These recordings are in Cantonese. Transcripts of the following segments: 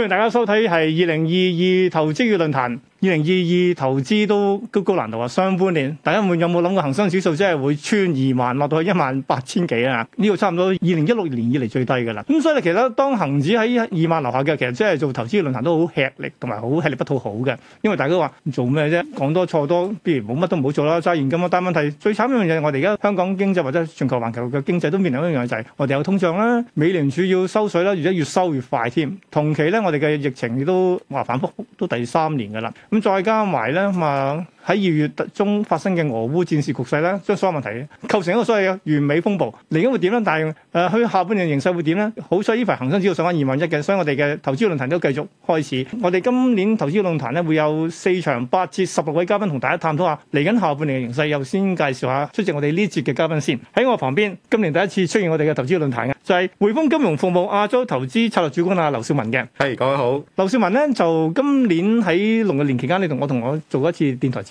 歡迎大家收睇，係二零二二投資月論壇。二零二二投資都高高難度啊！上半年大家問有冇諗過恒生指數真係會穿二萬，落到去一萬八千幾啊？呢個差唔多二零一六年以嚟最低㗎啦。咁、嗯、所以其實當恒指喺二萬樓下嘅，其實真係做投資嘅論壇都好吃力，同埋好吃力不討好嘅。因為大家話做咩啫？講多錯多，必如不如冇乜都唔好做啦，揸現金啦。但係問題最慘一樣嘢，我哋而家香港經濟或者全球環球嘅經濟都面臨一樣嘢，就係我哋有通脹啦，美聯儲要收水啦，而且越收越快添。同期咧，我哋嘅疫情亦都話反覆，都第三年㗎啦。咁再加埋啦，嘛，喺二月中發生嘅俄烏戰事局勢咧，將所有問題構成一個所謂嘅完美風暴，嚟緊會點咧？但係誒，佢、呃、下半年嘅形勢會點咧？好彩呢排恒生指數上翻二萬一嘅，所以我哋嘅投資論壇都繼續開始。我哋今年投資論壇咧會有四場，八至十六位嘉賓同大家探討下嚟緊下半年嘅形勢。又先介紹下出席我哋呢節嘅嘉賓先。喺我旁邊，今年第一次出現我哋嘅投資論壇嘅，就係、是、匯豐金融服務亞洲投資策略主管阿劉紹文嘅。係、hey, 各位好，劉紹文咧就今年喺農曆年期間，你同我同我做一次電台。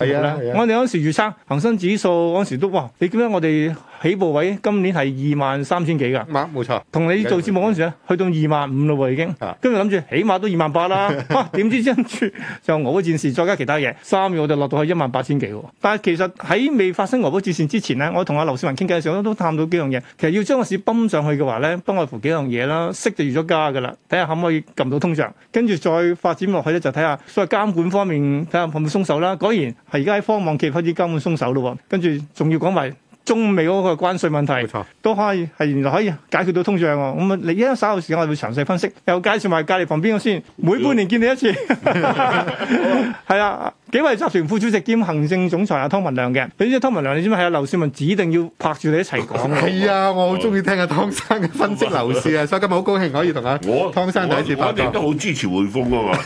係啊，我哋嗰時預測恒生指數嗰時都，哇！你點解我哋？起步位今年係二萬三千幾㗎，冇錯錯。同你做節目嗰陣時咧，錯去到二萬五咯喎，已經。跟住諗住起碼都二萬八啦，點、 啊、知真住 就俄烏戰事，再加其他嘢，三月我就落到去一萬八千幾喎。但係其實喺未發生俄烏戰線之前咧，我同阿劉紹文傾偈嘅時候都探到幾樣嘢。其實要將個市泵上去嘅話咧，不外乎幾樣嘢啦，息就預咗加㗎啦，睇下可唔可以撳到通脹，跟住再發展落去咧，就睇下所謂監管方面睇下可唔可以鬆手啦。果然係而家喺科網企開始監管鬆手咯，跟住仲要講埋。中美嗰個關稅問題，冇錯都可以係原來可以解決到通脹喎。咁啊，你一陣稍後時間我哋會詳細分析，又介紹埋隔籬旁邊個先。每半年見你一次，係啊。幾位集團副主席兼行政總裁阿湯文亮嘅，你知阿湯文亮，你知唔知係阿劉紹文指定要拍住你一齊講嘅？係 啊，我好中意聽阿、啊、湯生嘅分析樓市啊， 所以今日好高興可以同阿、啊、我湯生第一次拍檔，我哋都好支持匯豐啊嘛，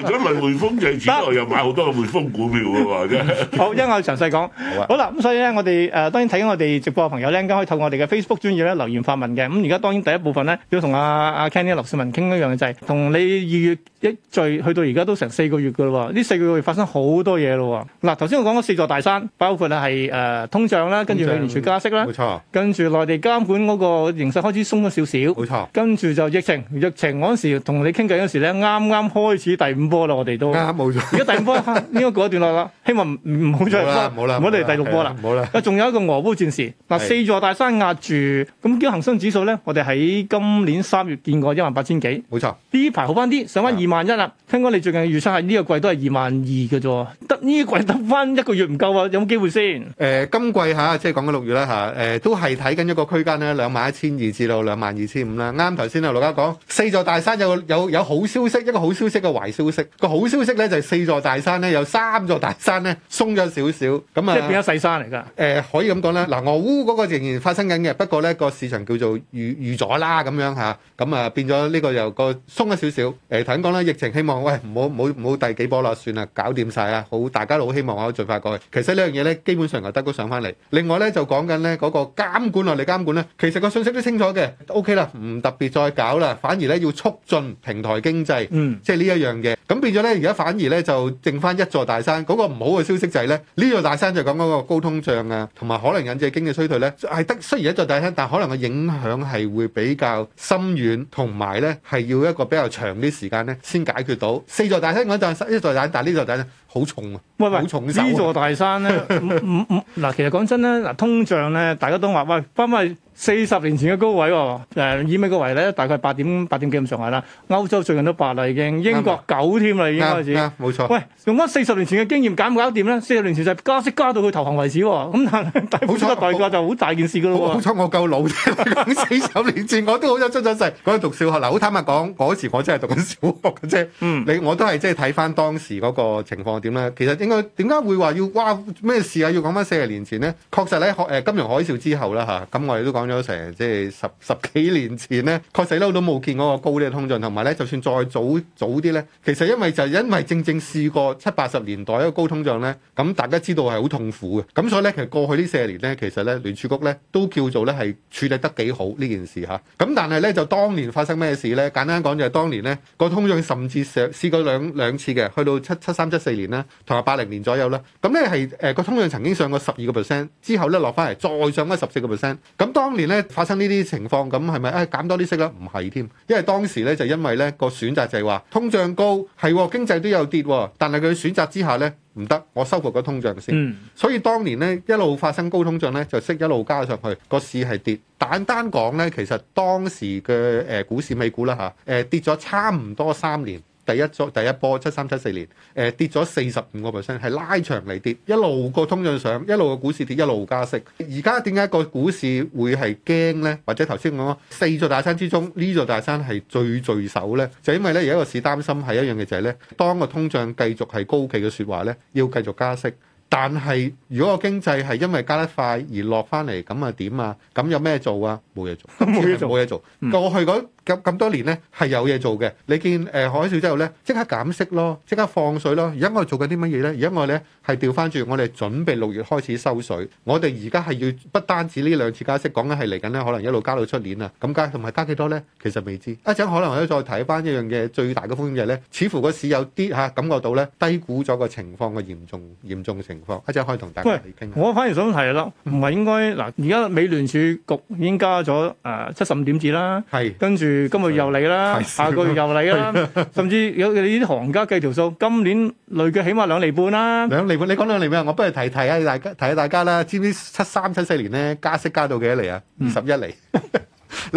除咗為匯豐嘅支持，又買好多個匯豐股票嘅喎，好，因為詳細講好啦、啊，咁、啊、所以咧，我哋誒當然睇緊我哋直播嘅朋友咧，而家可以透過我哋嘅 Facebook 專頁咧留言發問嘅。咁而家當然第一部分咧，要同阿阿 Kenny 劉紹文傾一樣嘅就係同你二月一聚去到而家都成四個月嘅嘞喎，四個月發生好多嘢咯，嗱，頭先我講咗四座大山，包括係誒通脹啦，跟住美聯儲加息啦，冇錯，跟住內地監管嗰個形勢開始鬆咗少少，冇錯，跟住就疫情，疫情嗰陣時同你傾偈嗰陣時咧，啱啱開始第五波啦，我哋都，冇錯，而家第五波應該過一段落啦，希望唔好再，冇啦，好啦，唔好嚟第六波啦，好啦，仲有一個俄烏戰事。嗱，四座大山壓住，咁叫恒生指數咧，我哋喺今年三月見過一萬八千幾，冇錯，呢排好翻啲，上翻二萬一啦，聽講你最近預測係呢個季都係二萬。萬二嘅啫，得呢季得翻一個月唔夠啊？有冇機會先？誒、呃，今季嚇、啊，即係講緊六月啦、啊、嚇，誒、呃、都係睇緊一個區間咧，兩萬一千二至到兩萬二千五啦。啱頭先啊，羅家講四座大山有有有好消息，一個好消息嘅壞消息，個好消息咧就係四座大山咧有三座大山咧鬆咗少少咁啊，即係變咗細山嚟㗎。誒、呃，可以咁講啦。嗱、呃，俄烏嗰個仍然發生緊嘅，不過咧個市場叫做預預咗啦，咁樣嚇、啊，咁啊變咗呢個又個鬆咗少少。誒、呃，頭先講啦，疫情希望喂唔好唔好唔好第幾波啦。算啦，搞掂曬啦，好大家都好希望啊，可以盡快過去。其實呢樣嘢咧，基本上就得個上翻嚟。另外咧就講緊咧嗰個監管落嚟監管咧，其實個信息都清楚嘅，OK 啦，唔特別再搞啦，反而咧要促進平台經濟，嗯，即係呢一樣嘢。咁變咗咧，而家反而咧就剩翻一座大山。嗰個唔好嘅消息就係咧，呢座大山就講嗰個高通脹啊，同埋可能引致經濟衰退咧，係得雖然一座大山，但可能嘅影響係會比較深遠，同埋咧係要一個比較長啲時間咧先解決到四座大山嗰陣，一座大。但呢度睇咧好重啊，好喂重呢、啊、喂座大山咧，嗱， 其實講真咧，嗱，通脹咧，大家都話喂，不唔係。四十年前嘅高位喎，誒以美國為例，大概八點八點幾咁上下啦。歐洲最近都八啦，已經英國九添啦，已經開始。冇錯。喂，用翻四十年前嘅經驗搞搞呢，搞唔搞掂咧？四十年前就加息加到佢投降為止喎，咁但係大股代價就好大件事㗎咯喎。好彩我夠老，啫、啊。四十年前 我都好早出咗世，我係讀小學。嗱，好坦白講，嗰時我真係讀緊小學嘅啫。啊我嗯、你我都係即係睇翻當時嗰個情況點啦。其實應該點解會話要哇咩事啊？要講翻四十年前咧，確實喺誒金融海嘯之後啦嚇。咁、啊啊啊、我哋都講。啊啊啊咗成即係十十幾年前咧，確實嬲都冇見過個高啲嘅通脹，同埋咧就算再早早啲咧，其實因為就係、因為正正試過七八十年代一個高通脹咧，咁大家知道係好痛苦嘅，咁所以咧其實過去呢四十年咧，其實咧聯儲局咧都叫做咧係處理得幾好呢件事嚇，咁、啊、但係咧就當年發生咩事咧？簡單講就係當年咧、個通脹甚至上試，試過兩兩次嘅，去到七七三七四年啦，同埋八零年左右啦，咁咧係誒個通脹曾經上過十二個 percent 之後咧落翻嚟，再上翻十四個 percent，咁當當年咧發生呢啲情況，咁係咪啊減多啲息啦？唔係添，因為當時咧就因為咧個選擇就係話通脹高係、哦、經濟都有跌、哦，但係佢選擇之下咧唔得，我收復個通脹先。嗯、所以當年咧一路發生高通脹咧，就息一路加上去，個市係跌。簡單講咧，其實當時嘅誒、呃、股市美股啦吓誒跌咗差唔多三年。第一波，第一波七三七四年，誒、呃、跌咗四十五個 percent，係拉長嚟跌，一路個通脹上，一路個股市跌，一路加息。而家點解個股市會係驚呢？或者頭先講四座大山之中，呢座大山係最聚首呢？就因為呢，而家個市擔心係一樣嘅就係呢，當個通脹繼續係高企嘅説話呢，要繼續加息。但係如果個經濟係因為加得快而落翻嚟，咁啊點啊？咁有咩做啊？冇嘢做，冇嘢做。 嗯、過去咁咁多年咧係有嘢做嘅，你見誒、呃、海嘯之後咧即刻減息咯，即刻放水咯。而家我哋做緊啲乜嘢咧？而家我哋咧係調翻轉，我哋準備六月開始收水。我哋而家係要不單止呢兩次加息，講緊係嚟緊咧，可能一路加到出年啊。咁加同埋加幾多咧？其實未知。一陣可能我再睇翻一樣嘢，最大嘅風險就係咧，似乎個市有啲嚇感覺到咧低估咗個情況嘅嚴重嚴重嘅情況。一陣可以同大家嚟傾。我反而想提咯，唔係應該嗱，而家美聯儲局已經加咗誒、呃、七十五點子啦，係是跟住。今個月又嚟啦，的下個月又嚟啦，的甚至 有你啲行家計條數，今年累計起碼兩厘半啦、啊。兩厘半，你講兩厘半，我不如提提下大家，提下大家啦。知唔知七三七四年咧加息加到幾多厘啊？二十一厘。嗯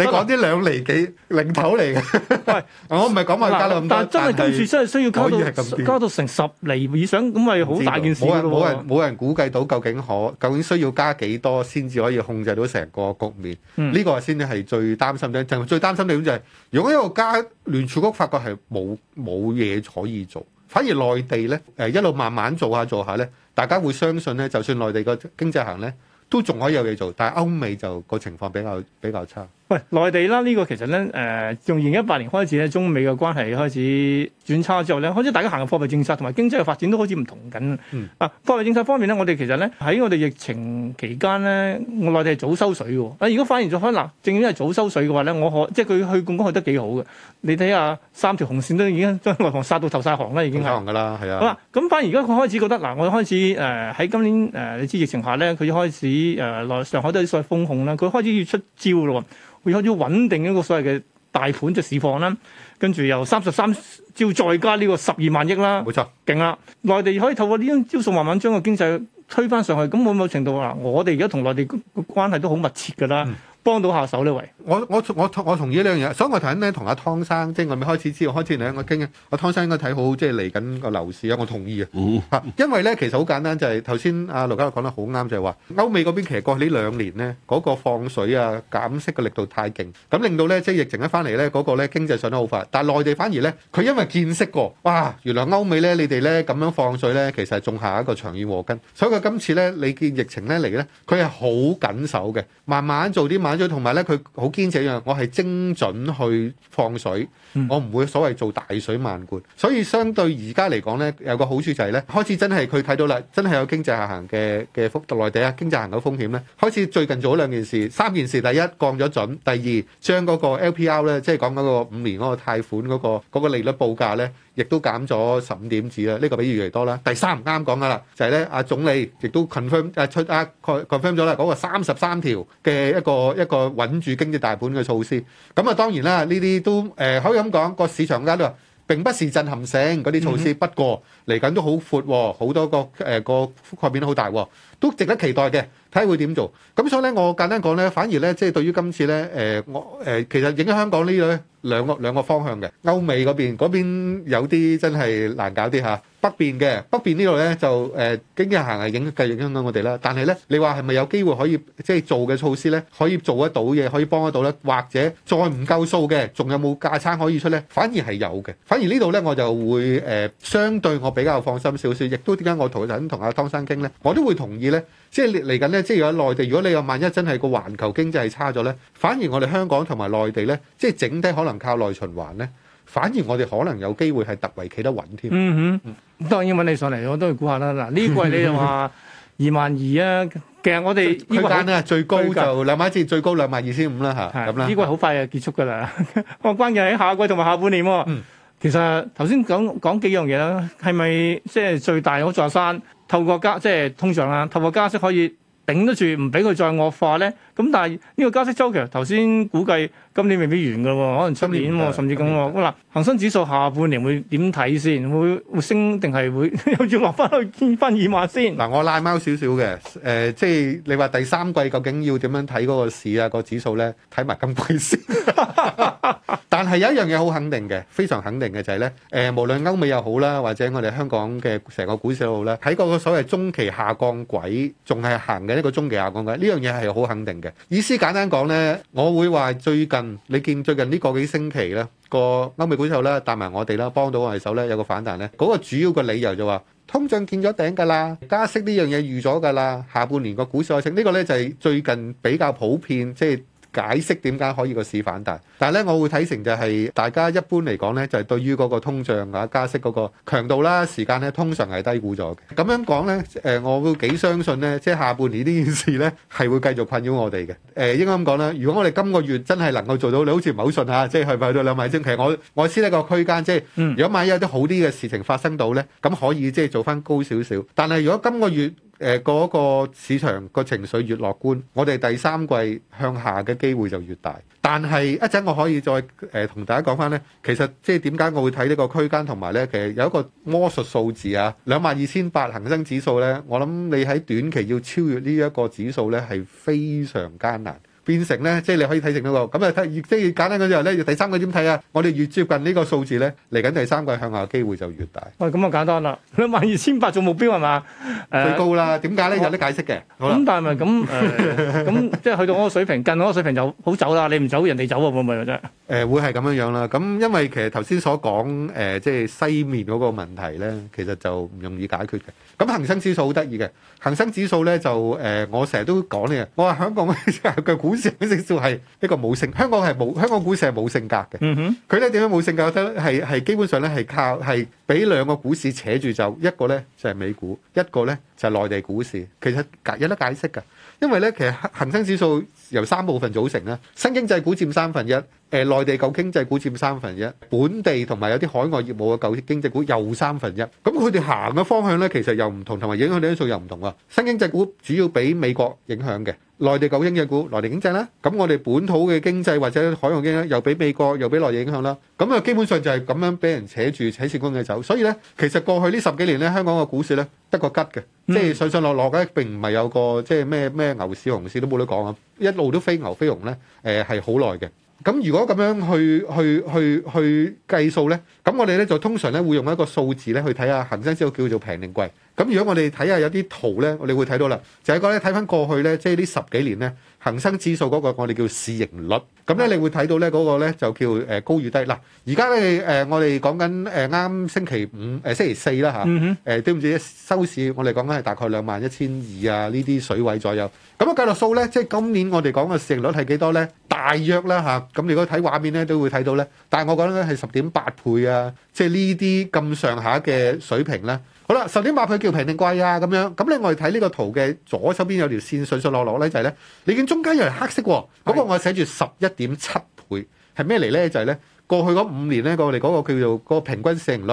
你講啲兩厘幾零頭嚟嘅，唔喂 我唔係講話加到咁多，但真係跟住真係需要加到加到成十厘以上咁，咪好大件事。冇人冇人，人估計到究竟可究竟需要加幾多先至可以控制到成個局面？呢、嗯、個先至係最擔心啫。就最擔心嘅點就係、是，如果一路加聯儲局發覺係冇冇嘢可以做，反而內地咧誒一路慢慢做下做下咧，大家會相信咧，就算內地個經濟行咧都仲可以有嘢做。但係歐美就個情況比較比較差。喂，內地啦，呢個其實咧，誒、呃，從二零一八年開始咧，中美嘅關係開始轉差之後咧，開始大家行嘅貨幣政策同埋經濟嘅發展都開始唔同緊。嗯、啊，貨幣政策方面咧，我哋其實咧喺我哋疫情期間咧，我內地係早收水嘅。啊，如果反而咗開嗱，正因為早收水嘅話咧，我可即係佢去槓桿去得幾好嘅。你睇下三條紅線都已經將內房殺到頭晒行啦，已經係。行㗎啦，係啊。咁啊，咁反而而家佢開始覺得嗱、呃，我開始誒喺、呃、今年誒、呃、你知疫情下咧，佢開始誒內、呃、上海都有所謂封控啦，佢開始要出招咯。會開始穩定一個所謂嘅大盤嘅市況啦，跟住由三十三招再加呢個十二萬億啦，冇錯，勁啦！內地可以透過呢啲招數慢慢將個經濟推返上去，咁冇冇程度啊？我哋而家同內地個關係都好密切㗎啦，嗯、幫到下手呢位。我我我我同意呢樣嘢，所以我頭先咧同阿湯生，即係我未開始之後開始兩個傾嘅，阿湯生應該睇好，即係嚟緊個樓市啊！我同意啊，嗯、因為咧其實好簡單，就係頭先阿盧嘉樂講得好啱，就係、是、話歐美嗰邊其實過去呢兩年咧嗰、嗰個放水啊減息嘅力度太勁，咁令到咧即係疫情一翻嚟咧嗰個咧經濟上得好快，但係內地反而咧佢因為見識過，哇！原來歐美咧你哋咧咁樣放水咧，其實係種下一個長遠禍根，所以佢今次咧你見疫情咧嚟咧，佢係好緊守嘅，慢慢做啲買咗，同埋咧佢好，堅持樣，我係精準去放水，我唔會所謂做大水漫灌，所以相對而家嚟講呢，有個好處就係呢：開始真係佢睇到啦，真係有經濟下行嘅嘅幅度內地啊，經濟行嘅風險呢，開始最近做咗兩件事，三件事，第一降咗準，第二將嗰個 LPR 呢，即係講嗰個五年嗰個貸款嗰、嗰個、嗰個利率報價呢。亦都減咗十五點子啦，呢、這個比預期多啦。第三唔啱講㗎啦，就係、是、咧，阿總理亦都 confirm 誒出啊 confirm 咗啦，嗰個三十三條嘅一個一個穩住經濟大盤嘅措施。咁啊，當然啦，呢啲都誒、呃、可以咁講，個市場間都話並不是震撼性嗰啲措施，嗯、哼不過嚟緊都好闊、哦，好多個誒、呃、個覆蓋面都好大、哦，都值得期待嘅。睇下會點做？咁所以咧，我簡單講咧，反而咧，即係對於今次咧，誒我誒其實影響香港呢個咧。兩個兩個方向嘅歐美嗰邊，嗰邊有啲真係難搞啲嚇。北邊嘅北邊呢度呢，就誒、呃，經濟行係影繼續影響到我哋啦。但係呢，你話係咪有機會可以即係做嘅措施呢？可以做得到嘢，可以幫得到呢？或者再唔夠數嘅，仲有冇架撐可以出呢？反而係有嘅，反而呢度呢，我就會誒、呃，相對我比較放心少少。亦都點解我同緊同阿湯生傾呢？我都會同意呢。即係嚟緊咧，即係如果內地。如果你話萬一真係個環球經濟差咗咧，反而我哋香港同埋內地咧，即係整體可能靠內循環咧，反而我哋可能有機會係突圍企得穩添。嗯哼，當然問你上嚟，我都去估下啦。嗱，呢季你就話 二萬二啊，其實我哋區間咧最高就兩萬至最高兩萬二千五啦嚇，咁啦。是呢季好快就結束㗎啦，我關鍵喺下季同埋下半年，哦。嗯、其實頭先講講幾樣嘢啦，係咪即係最大嗰座山？透過加即係通脹啦，透過加息可以頂得住，唔俾佢再惡化咧。咁但係呢、這個加息周期，頭先估計今年未必完噶喎，可能出年，年甚至咁喎。嗱，恒生指數下半年會點睇先？會會升定係會 又要落翻去見翻二萬先？嗱，我拉貓少少嘅，誒、呃，即係你話第三季究竟要點樣睇嗰個市啊、那個指數咧？睇埋今季先。 但係有一樣嘢好肯定嘅，非常肯定嘅就係、是、咧，誒、呃，無論歐美又好啦，或者我哋香港嘅成個股市又好啦，睇嗰個所謂中期下降軌，仲係行緊一個中期下降軌。呢樣嘢係好肯定嘅。意思簡單講呢，我會話最近你見最近呢個幾星期咧，個歐美股手呢，帶埋我哋啦，幫到我哋手呢，有個反彈呢。嗰個主要個理由就話，通脹見咗頂㗎啦，加息呢樣嘢預咗㗎啦，下半年個股市回升。呢個呢，就係最近比較普遍，即係。解釋點解可以個市反彈，但係咧，我會睇成就係大家一般嚟講咧，就係、是、對於嗰個通脹啊、加息嗰個強度啦、時間咧，通常係低估咗嘅。咁樣講咧，誒、呃，我會幾相信咧，即係下半年呢件事咧，係會繼續困擾我哋嘅。誒、呃，應該咁講啦。如果我哋今個月真係能夠做到，你好似唔係好信吓，即係去到兩萬正，其實我我先呢個區間，即係如果萬一有啲好啲嘅事情發生到咧，咁、嗯、可以即係做翻高少少。但係如果今個月，誒嗰、呃嗰個市場個情緒越樂觀，我哋第三季向下嘅機會就越大。但係一陣我可以再誒、呃、同大家講翻呢。其實即係點解我會睇呢個區間同埋呢，其實有一個魔術數字啊，兩萬二千八恒生指數呢。我諗你喺短期要超越呢一個指數呢，係非常艱難。變成咧，即係你可以睇成呢個咁啊！睇越即係越簡單嗰陣咧，要第三季點睇啊？我哋越接近呢個數字咧，嚟緊第三季向下嘅機會就越大。喂、哎，咁啊簡單啦，兩萬二千八做目標係嘛？Uh, 最高啦，點解咧？有啲我解釋嘅。咁但係咪咁？咁、呃、即係去到嗰個水平， 近嗰個水平就好走啦、啊。你唔走，人哋走喎，咪咪真。誒，會係咁樣樣啦。咁因為其實頭先所講誒、呃，即係西面嗰個問題咧，其實就唔容易解決嘅。咁恒生指數好得意嘅，恒生指數咧就誒、呃，我成日都講咧，我話香港嘅股。成隻數係一個冇性，香港係冇香港股市係冇性格嘅。佢咧點樣冇性格咧？係係基本上咧係靠係俾兩個股市扯住走一個咧就係美股，一個咧就係內地股市。其實解有得解釋嘅，因為咧其實恆生指數由三部分組成啦，新經濟股佔三分一，誒內地舊經濟股佔三分一，本地同埋有啲海外業務嘅舊經濟股又三分一。咁佢哋行嘅方向咧其實又唔同，同埋影響因素又唔同啊。新經濟股主要俾美國影響嘅。內地九英嘅股，內地經濟啦，咁我哋本土嘅經濟或者海洋經濟又俾美國又俾內地影響啦，咁啊基本上就係咁樣俾人扯住扯線軍嘅走，所以咧其實過去呢十幾年咧香港嘅股市咧得個吉嘅，嗯、即係上上落落嘅，並唔係有個即係咩咩牛市熊市都冇得講啊，一路都飛牛飛熊咧，誒係好耐嘅。咁如果咁樣去去去去計數咧，咁我哋咧就通常咧會用一個數字咧去睇下恒生指數叫做平定貴。咁如果我哋睇下有啲圖咧，我哋會睇到啦。就係講咧睇翻過去咧，即係呢十幾年咧恒生指數嗰個我哋叫市盈率。咁咧你會睇到咧嗰個咧就叫誒高與低。嗱，而家咧誒我哋講緊誒啱星期五誒、呃、星期四啦嚇，誒、mm hmm. 呃、對唔對，收市，我哋講緊係大概兩萬一千二啊呢啲水位左右。咁樣計落數咧，即係今年我哋講嘅市盈率係幾多咧？大約啦嚇，咁如果睇畫面咧，都會睇到咧。但係我覺得咧係十點八倍啊，即係呢啲咁上下嘅水平咧。好啦，十點八倍叫平定貴啊咁樣。咁咧我哋睇呢個圖嘅左手邊有條線上上落落咧，就係、是、咧，你見中間有條黑色喎。嗰、那個、我寫住十一點七倍係咩嚟咧？就係、是、咧過去嗰五年咧，我哋嗰個叫做個平均市盈率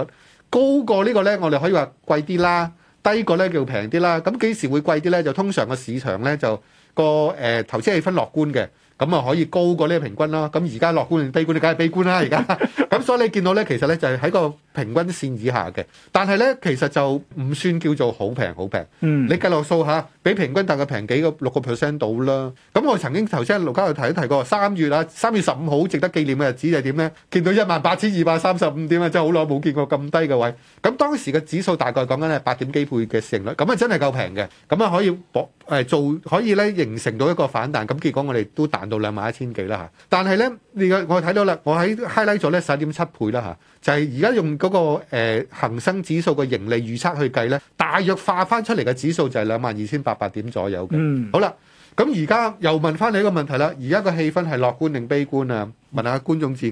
高過個呢個咧，我哋可以話貴啲啦。低過咧叫平啲啦。咁幾時會貴啲咧？就通常個市場咧就、那個誒、欸、投資氣氛樂觀嘅。咁啊可以高過呢個平均啦，咁而家樂觀定悲觀？你梗係悲觀啦而家，咁 所以你見到咧，其實咧就係喺個平均線以下嘅。但係咧，其實就唔算叫做好平好平。嗯，你計落數下，比平均大概平幾個六個 percent 到啦。咁我曾經頭先盧卡耀提一提過，三月啊，三月十五號值得紀念嘅日子係點咧？見到一萬八千二百三十五點啊，真係好耐冇見過咁低嘅位。咁當時嘅指數大概講緊係八點幾倍嘅市盈率，咁啊真係夠平嘅，咁啊可以博。誒做可以咧，形成到一個反彈，咁結果我哋都彈到兩萬一千幾啦嚇。但係咧，你嘅我睇到啦，我喺 highlight 咗咧十一點七倍啦嚇，就係而家用嗰個、呃、恒生指數嘅盈利預測去計咧，大約化翻出嚟嘅指數就係兩萬二千八百點左右嘅。嗯，好啦。咁而家又問翻你一個問題啦，而家個氣氛係樂觀定悲觀啊？問下觀眾自己，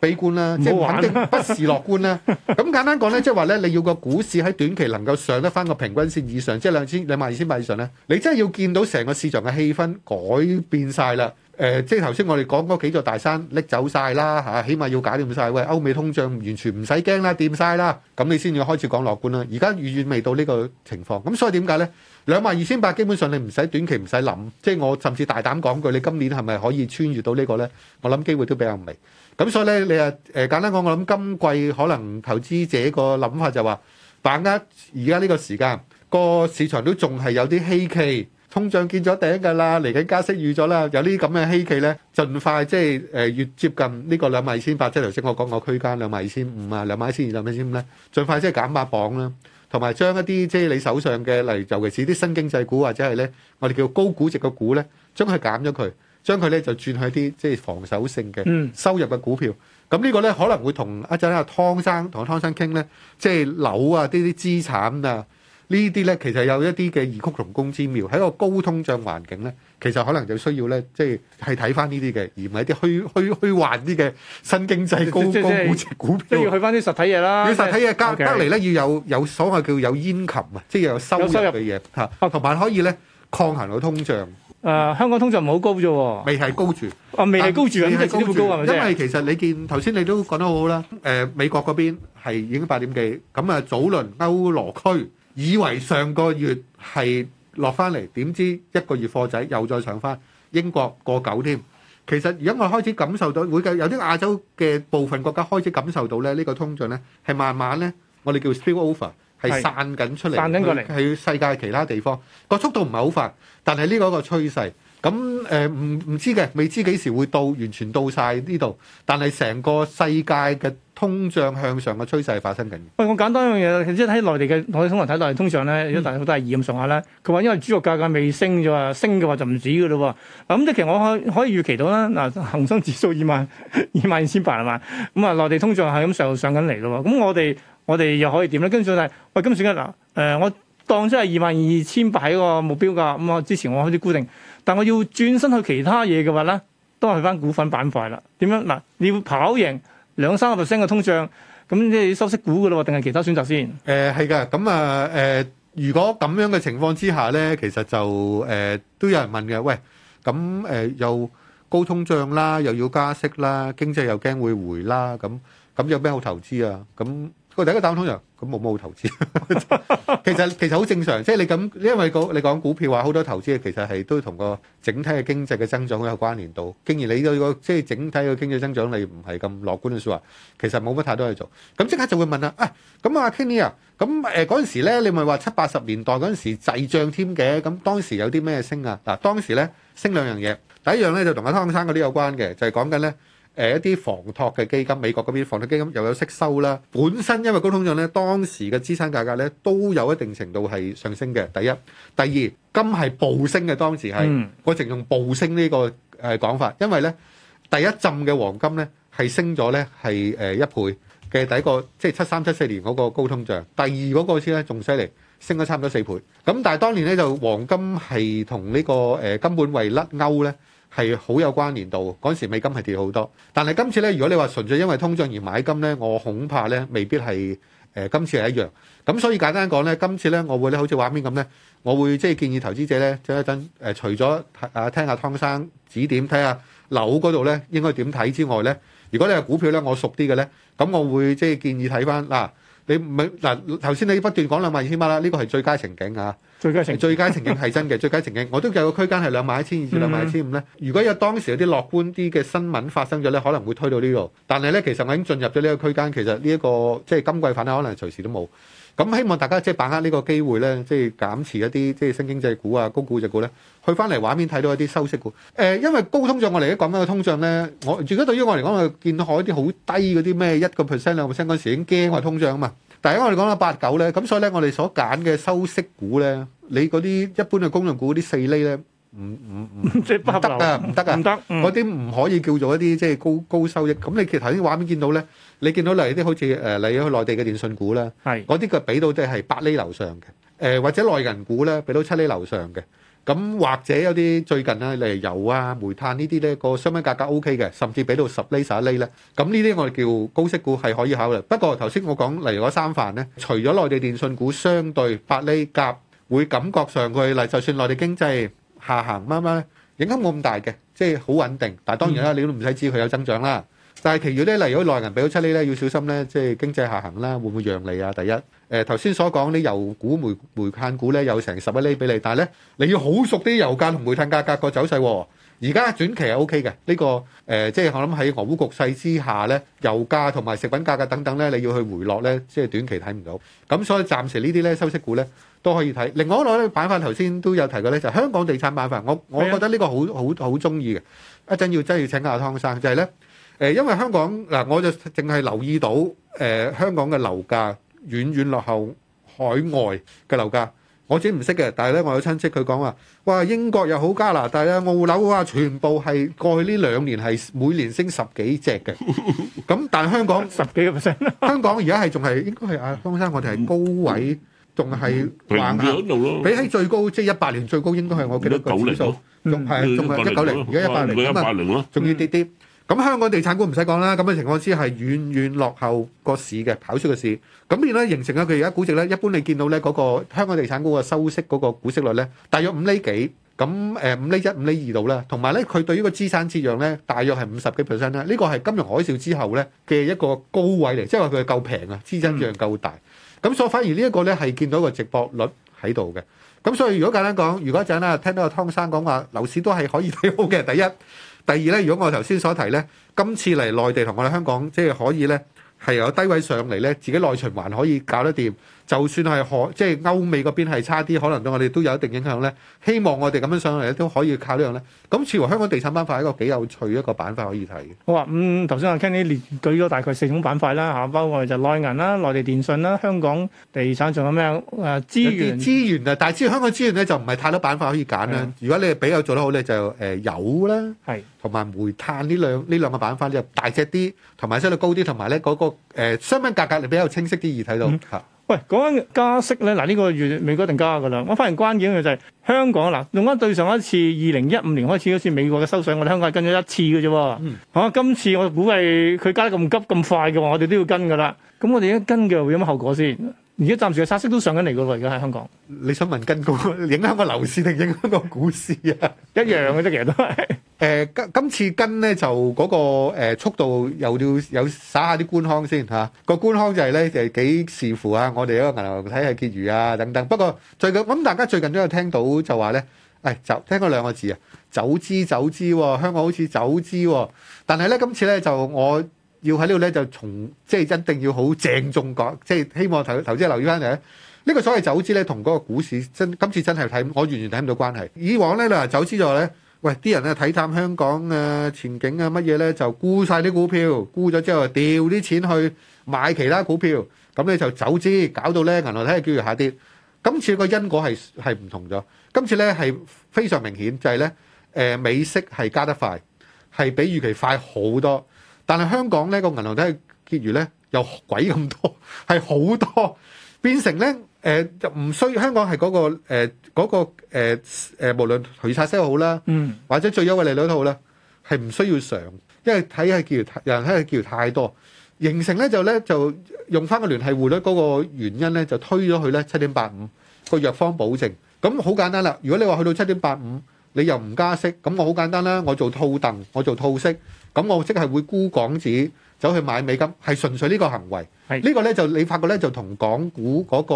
悲觀啦，即係肯定不是樂觀啦。咁 簡單講咧，即係話咧，你要個股市喺短期能夠上得翻個平均線以上，即係兩千兩萬二千八以上咧，你真係要見到成個市場嘅氣氛改變晒啦。誒、呃，即係頭先我哋講嗰幾座大山拎走晒啦，嚇，起碼要搞掂晒。喂，歐美通脹完全唔使驚啦，掂晒啦，咁你先要開始講樂觀啦。而家遠遠未到呢個情況，咁所以點解咧？兩萬二千八基本上你唔使短期唔使諗，即係我甚至大膽講句，你今年係咪可以穿越到呢個呢？我諗機會都比較微。咁所以呢，你啊，誒簡單講，我諗今季可能投資者個諗法就話，把握而家呢個時間，個市場都仲係有啲希冀，通脹見咗頂㗎啦，嚟緊加息預咗啦，有呢啲咁嘅希冀呢，盡快即係誒越接近呢個兩萬二千八，即係頭先我講個區間兩萬二千五啊，兩萬一千二兩萬一千五呢，盡快即係減壓磅啦。同埋將一啲即係你手上嘅，例如尤其是啲新經濟股或者係咧，我哋叫高估值嘅股咧，將佢減咗佢，將佢咧就轉去啲即係防守性嘅收入嘅股票。咁、嗯、呢個咧可能會同一陣阿湯生同阿湯生傾咧，即係樓啊呢啲資產啊。呢啲咧其實有一啲嘅異曲同工之妙，喺一個高通脹環境咧，其實可能就需要咧，即係係睇翻呢啲嘅，而唔係啲虛虛虛幻啲嘅新經濟高是高估值股票。都要去翻啲實體嘢啦。要實體嘢加、okay、得嚟咧，要有有所謂叫有 income 啊，即係有收入嘅嘢嚇。同埋、啊、可以咧抗衡到通脹。誒、啊，香港通脹唔好高啫喎，未係高住。啊，未係高住啊未係高住高啊，因為其實你見頭先你都講得好好啦。誒、啊，啊、美國嗰邊係已經八點幾咁啊，早輪歐羅區。以為上個月係落翻嚟，點知一個月貨仔又再上翻。英國過九添。其實而家我開始感受到，會有啲亞洲嘅部分國家開始感受到咧，呢、這個通脹咧係慢慢咧，我哋叫 spill over，係散緊出嚟，去世界其他地方。個速度唔係好快，但係呢個一個趨勢。咁誒唔唔知嘅，未知幾時會到完全到晒呢度。但係成個世界嘅通脹向上嘅趨勢係發生緊。喂、哎，我簡單一樣嘢，其實喺內地嘅內地通雲睇內地通脹咧，如果大家都係二咁上下啦。佢話因為豬肉價格未升咗升嘅話就唔止噶咯喎。咁、嗯、即係其實我可可以預期到啦。嗱，恆生指數二萬二萬二千八係嘛咁啊，內、 嗯、地通脹係咁上上緊嚟咯。咁、嗯、我哋我哋又可以點咧？跟住就係喂今選一嗱誒、呃，我當真係二萬二千八係個目標㗎。咁、嗯、我之前我開始固定。但我要轉身去其他嘢嘅話咧，都係翻股份板塊啦。點樣嗱？你要跑贏兩三個 percent 嘅通脹，咁即係收息股噶咯喎，定係其他選擇先？誒係噶，咁啊誒，如果咁樣嘅情況之下咧，其實就誒、呃、都有人問嘅。喂，咁誒、呃、又高通脹啦，又要加息啦，經濟又驚會回啦，咁咁有咩好投資啊？咁、嗯個第一個答案通常咁，冇冇投資，其實其實好正常，即係你咁，因為個你講股票話，好多投資其實係都同個整體嘅經濟嘅增長好有關聯度。既然你呢個即係整體嘅經濟增長你唔係咁樂觀嘅說話，其實冇乜太多嘢做。咁即刻就會問啦，啊咁啊 Kenny 啊，咁誒嗰陣時咧，你咪話七八十年代嗰陣時滯脹添嘅，咁當時有啲咩升啊？嗱，當時咧升兩樣嘢，第一樣咧就同阿湯生嗰啲有關嘅，就係講緊咧。誒一啲房託嘅基金，美國嗰邊房託基金又有息收啦。本身因為高通脹咧，當時嘅資產價格咧都有一定程度係上升嘅。第一，第二金係暴升嘅，當時係、嗯、我淨用暴升呢個誒講法，因為咧第一浸嘅黃金咧係升咗咧係誒一倍嘅，第一,一，第一個即係七三七四年嗰個高通脹。第二嗰個先咧仲犀利，升咗差唔多四倍。咁但係當年咧就黃金係同呢個誒金本位甩勾咧。係好有關聯度，嗰陣時美金係跌好多。但係今次呢，如果你話純粹因為通脹而買金呢，我恐怕呢未必係誒、呃、今次係一樣。咁所以簡單講呢，今次呢，我會咧好似畫面咁呢，我會即係、就是、建議投資者呢，即係一陣誒，除咗啊聽下湯生指點，睇下樓嗰度呢應該點睇之外呢，如果你係股票呢，我熟啲嘅呢，咁我會即係、就是、建議睇翻嗱，你唔係嗱頭先你不斷講兩萬二起碼啦，呢個係最佳情景啊！最佳情景係真嘅，最佳情景。 我都計個區間係兩萬一千二至兩萬一千五咧。Hmm. 如果有當時有啲樂觀啲嘅新聞發生咗咧，可能會推到呢度。但係咧，其實我已經進入咗呢個區間，其實呢一個即係今季反啦，可能隨時都冇。咁希望大家即係把握呢個機會咧，即係減持一啲即係新經濟股啊、高估值股咧，去翻嚟畫面睇到一啲收息股。誒，因為高通脹我嚟講咧，緊個通脹咧，我而家對於我嚟講我，我見到海啲好低嗰啲咩一個 percent、兩 percent 嗰陣時已經驚我係通脹啊嘛。但係我哋講到八九咧，咁所以咧我哋所揀嘅收息股咧，你嗰啲一般嘅公用股嗰啲四厘咧，唔唔唔，即係唔得啊，唔得啊，唔得，嗰啲唔可以叫做一啲即係高高收益。咁你其實頭先畫面見到咧，你見到嚟啲好、呃、似誒，例如去內地嘅電信股啦，係嗰啲佢俾到都係八厘樓上嘅，誒、呃、或者內銀股咧俾到七厘樓上嘅。咁或者有啲最近咧，例如油啊、煤炭呢啲咧，個商品價格 OK 嘅，甚至俾到十釐、十一釐咧。咁呢啲我哋叫高息股係可以考慮。不過頭先我講嚟嗰三範咧，除咗內地電信股，相對八釐甲會感覺上佢嚟，就算內地經濟下行啱啱，影響冇咁大嘅，即係好穩定。但係當然啦，你都唔使知佢有增長啦。但係，其餘咧，例如內銀俾咗七厘咧，要小心咧，即係經濟下行啦，會唔會讓利啊？第一，誒頭先所講啲油股、煤煤炭股咧，有成十一厘俾你，但係咧，你要好熟啲油價同煤炭價格個走勢。而家轉期係 O K 嘅呢個誒，即係我諗喺俄烏局勢之下咧，油價同埋食品價格等等咧，你要去回落咧，即係短期睇唔到。咁所以暫時呢啲咧，收息股咧都可以睇。另外一類咧，板塊頭先都有提過咧，就香港地產板塊，我我覺得呢個好好好中意嘅。一陣要真係要請下湯生，就係咧。誒，因為香港嗱，我就淨係留意到誒香港嘅樓價遠遠落後海外嘅樓價。我自己唔識嘅，但係咧我有親戚佢講話，哇！英國又好，加拿大咧，澳樓啊，全部係過去呢兩年係每年升十幾隻嘅。咁但係香港十幾個 percent，香港而家係仲係應該係啊，方生，我哋係高位，仲係平住比起最高即係一八年最高應該係我記得個數，仲係仲係一九零而家一百零，一百零咯，仲要跌啲。咁香港地產股唔使講啦，咁嘅情況之下係遠遠落後個市嘅跑出嘅市。咁變咧形成咗佢而家估值咧，一般你見到咧嗰、那個香港地產股嘅收息嗰個股息率咧，大約五厘幾，咁誒五厘一、五厘二度咧，同埋咧佢對於個資產折讓咧，大約係五十幾 percent 咧。呢個係金融海嘯之後咧嘅一個高位嚟，即係話佢夠平啊，資產折讓夠大。咁、嗯、所以反而呢一個咧係見到一個值博率喺度嘅。咁所以如果簡單講，如果一陣咧聽到湯生講話樓市都係可以睇好嘅，第一。 第二咧，如果我頭先所提咧，今次嚟內地同我哋香港，即係可以咧，係由低位上嚟咧，自己內循環可以搞得掂。就算係可即係歐美嗰邊係差啲，可能對我哋都有一定影響咧。希望我哋咁樣上嚟都可以靠呢樣咧。咁似乎香港地產板塊係一個幾有趣一個板塊可以睇嘅。好啊，咁頭先阿 Kenny 列舉咗大概四種板塊啦嚇，包括就內銀啦、內地電信啦、香港地產，仲有咩啊資源？資源啊，但係至於香港資源咧就唔係太多板塊可以揀啦。的如果你比較做得好咧，就誒、呃、油啦，係同埋煤炭呢兩呢兩個板塊就大隻啲，同埋收率高啲，同埋咧嗰個、呃、商品價格嚟比較清晰啲易睇到嚇、嗯。喂，講緊加息咧，嗱、這、呢個月美國一定加噶啦。我發現關鍵嘅就係、是、香港嗱，用、呃、翻對上一次二零一五年開始好似美國嘅收水，我哋香港跟咗一次嘅啫。嚇、嗯啊，今次我估計佢加得咁急咁快嘅話，我哋都要跟噶啦。咁、嗯、我哋一跟嘅會有乜後果先？而家暫時嘅沙息都上緊嚟㗎喎，而家喺香港。你想問跟個影響個樓市定影響個股市啊？ 一樣嘅的啫，其實都係。誒今次跟咧就嗰、那個、呃、速度又要有耍下啲官腔先嚇。個官腔就係咧誒幾視乎啊，就是、乎我哋一個銀行體系結餘啊等等。不過最近咁大家最近都有聽到就話咧誒就聽過兩個字啊，走資走資。香港好似走資，但係咧今次咧就我。要喺呢度咧，就從即係一定要好鄭重講，即係希望投投資留意翻嚟。呢、呢個所謂走資咧，同嗰個股市真今次真係睇，我完全睇唔到關係。以往咧，你話走資咗，外咧，喂啲人咧睇淡香港啊前景啊乜嘢咧，就沽晒啲股票，沽咗之後掉啲錢去買其他股票，咁咧就走資，搞到咧銀行體系叫做下跌。今次個因果係係唔同咗，今次咧係非常明顯就係、係、咧，誒美息係加得快，係比預期快好多。但係香港咧個銀行體系結餘咧又鬼咁多，係 好多變成咧誒、呃，就唔需要香港係嗰、那個誒嗰、呃那個誒誒、呃，無論係拆息好啦，或者最優惠利率都好啦，係唔需要上，因為睇係叫人睇係結餘太多，形成咧就咧就用翻個聯繫匯率嗰個原因咧就推咗佢咧七點八五個弱方保證，咁好簡單啦。如果你話去到七點八五，你又唔加息，咁我好簡單啦，我做套戥，我做套息。咁我即係會沽港紙走去買美金，係純粹呢個行為。呢個咧就你發覺咧就同港股嗰個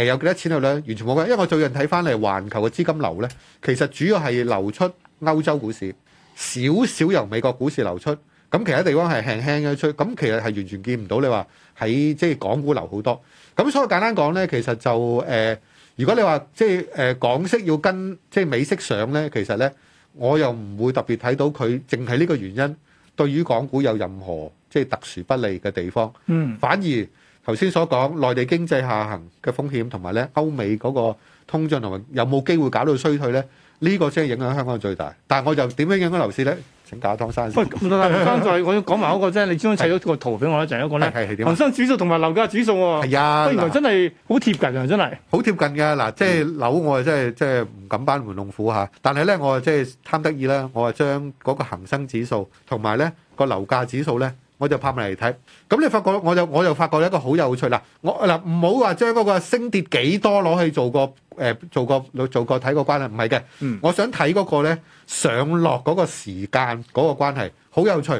誒有幾多錢去咧完全冇關，因為我最近睇翻嚟，環球嘅資金流咧，其實主要係流出歐洲股市，少少由美國股市流出。咁其他地方係輕輕嘅出，咁其實係完全見唔到你話喺即係港股流好多。咁所以簡單講咧，其實就誒，如果你話即係誒港式要跟即係美式上咧，其實咧。我又唔會特別睇到佢淨係呢個原因對於港股有任何即係特殊不利嘅地方。嗯，反而頭先所講內地經濟下行嘅風險同埋咧歐美嗰個通脹同埋有冇機會搞到衰退咧，呢個先係影響香港最大。但係我又點樣影響樓市咧？請教阿湯生生 我要講埋嗰個先。 你先砌咗個圖俾我一陣，一個咧，恆生指數同埋樓價指數喎。係啊，原來真係好貼近，啊，真係好、嗯、貼近嘅。嗱，即係樓我，我誒即係即係唔敢班門弄斧嚇。但係咧，我誒即係貪得意啦，我誒將嗰個恆生指數同埋咧個樓價指數咧，我就拍埋嚟睇。咁你發覺，我就我就發覺一個好有趣啦。我嗱，唔好話將嗰個升跌幾多攞去做個。誒、呃、做，過做過個做、嗯、個睇個，個關係唔係嘅，我想睇嗰個咧上落嗰個時間嗰個關係好有趣。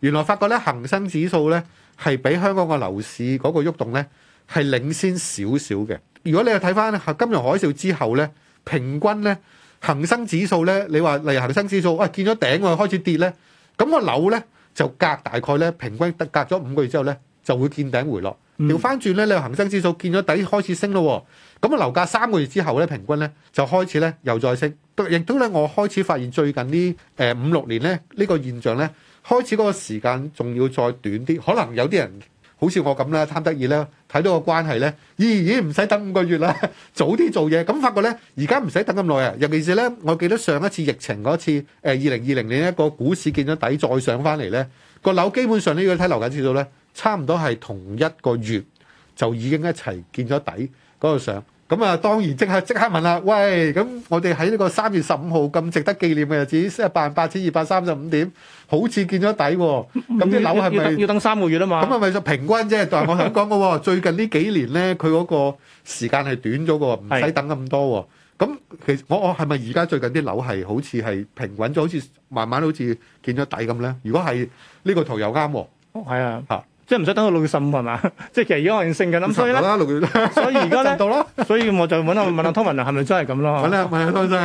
原來發覺咧恒生指數咧係比香港嘅樓市嗰個喐動咧係領先少少嘅。如果你係睇翻金融海嘯之後咧，平均咧恒生指數咧，你話例如恒生指數喂、哎、見咗頂啊開始跌咧，咁、那個樓咧就隔大概咧平均隔咗五個月之後咧就會見頂回落。調翻轉咧，你、嗯、恒生指數見咗底開始升咯喎、哦，咁啊樓價三個月之後咧，平均咧就開始咧又再升，亦都咧我開始發現最近、呃、5，呢誒五六年咧呢個現象咧，開始嗰個時間仲要再短啲，可能有啲人好似我咁啦，貪得意啦，睇到個關係咧，咦咦唔使等五個月啦，早啲做嘢，咁發覺咧而家唔使等咁耐啊，尤其是咧，我記得上一次疫情嗰次誒二零二零年一個股市見咗底再上翻嚟咧，個樓基本上呢，要睇樓價指數咧。差唔多係同一個月就已經一齊見咗底嗰個相，咁啊當然即刻即刻問啦，喂，咁我哋喺呢個三月十五號咁值得紀念嘅日子，一萬八千二百三十五點，好似見咗底喎，咁啲樓係咪要等三個月啊嘛？咁啊咪就平均啫，但係 我想講嘅喎，最近呢幾年咧，佢嗰個時間係短咗嘅喎，唔使等咁多喎。咁是其實我我係咪而家最近啲樓係好似係平穩咗，好似慢慢好似見咗底咁咧？如果係呢個圖又啱喎， 啊，嚇。即係唔使等到六月十五係嘛？即係其實依個人性嘅，咁所以咧，所以而家咧度咯，所以我就問下問下湯文亮，係咪真係咁咯？問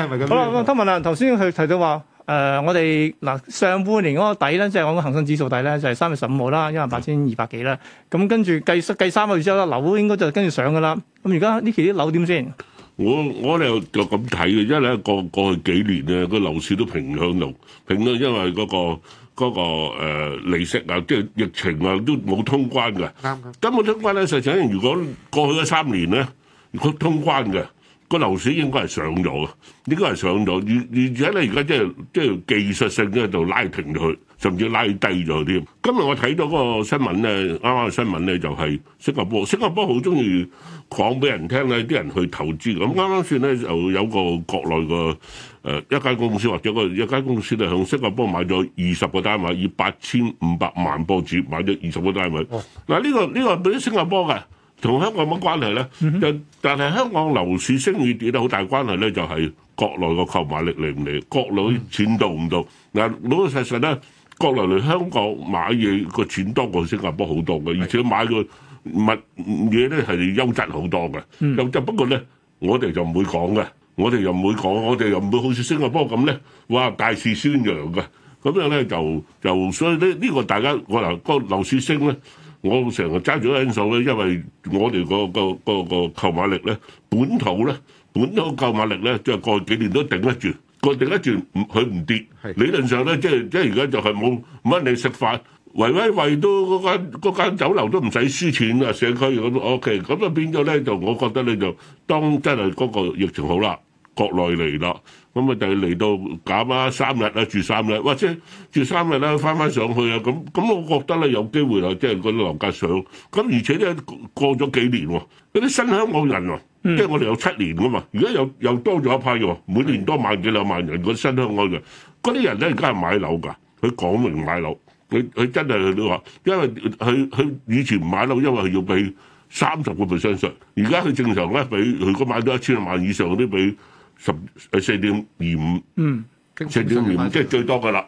咪咁？好啦，湯文亮，頭先佢提到話誒，我哋嗱上半年嗰個底咧，即係我講恒生指數底咧，就係三月十五號啦，一萬八千二百幾啦。咁跟住計計三個月之後咧，樓應該就跟住上㗎啦。咁而家呢期啲樓點先？我我哋就咁睇嘅，因為過過去幾年咧，個樓市都平向度平啊，因為嗰個。嗰個，呃，利息啊，即係疫情啊，都冇通關㗎。啱嘅，咁冇通關咧，實際上如果過去嗰三年咧，如果通關嘅個樓市應該係上咗啊，應該係上咗。而而且咧，而家即係即係技術性咧度拉停咗佢，甚至拉低咗添。今日我睇到嗰個新聞咧，啱啱新聞咧就係新加坡，新加坡好中意講俾人聽咧，啲人去投資咁。啱啱算咧就有個國內個。誒一間公司或者個一間公司咧，向新加坡買咗二十個單位，以八千五百萬坡紙買咗二十個單位。嗱呢個呢個對於新加坡嘅，同香港有乜關係咧？就但係香港樓市升與跌咧，好大關係咧，就係國內個購買力嚟唔嚟，國內錢到唔到。嗱老老實實咧，國內嚟香港買嘢個錢多過新加坡好多嘅，而且買個物嘢咧係優質好多嘅。優質不過咧，我哋就唔會講嘅。我哋又唔會講，我哋又唔會好似星加坡咁咧，哇大肆宣揚嘅，咁樣咧就就所以呢呢個大家我嗱個樓市升咧，我成日揸住一個因素咧，因為我哋個個個個購買力咧，本土咧本土購買力咧，即係過去幾年都頂得住，個頂得住，唔佢唔跌，是理論上咧即係即係而家就係冇乜你食飯。維維維到嗰間酒樓都唔使輸錢啦，社區咁 OK，咁啊變咗咧就我覺得咧就當真係嗰個疫情好啦，國內嚟啦，咁啊第嚟到減啊三日啊住三日，或者住三日啦翻翻上去啊咁咁，我覺得咧有機會啦，即係嗰啲樓價上，咁而且咧過咗幾年喎，嗰啲新香港人喎，即係我哋有七年噶嘛，而家又又多咗一批喎，每年多萬幾兩萬人啲新香港人，嗰啲、嗯、人咧而家係買樓㗎，佢講明買樓。佢佢真係佢都話，因為佢佢以前唔買樓，因為佢要俾三十個 percent 稅。而家佢正常咧俾，如果買咗一千萬以上嗰啲俾十四點二五。嗯，四點二五即係最多噶啦。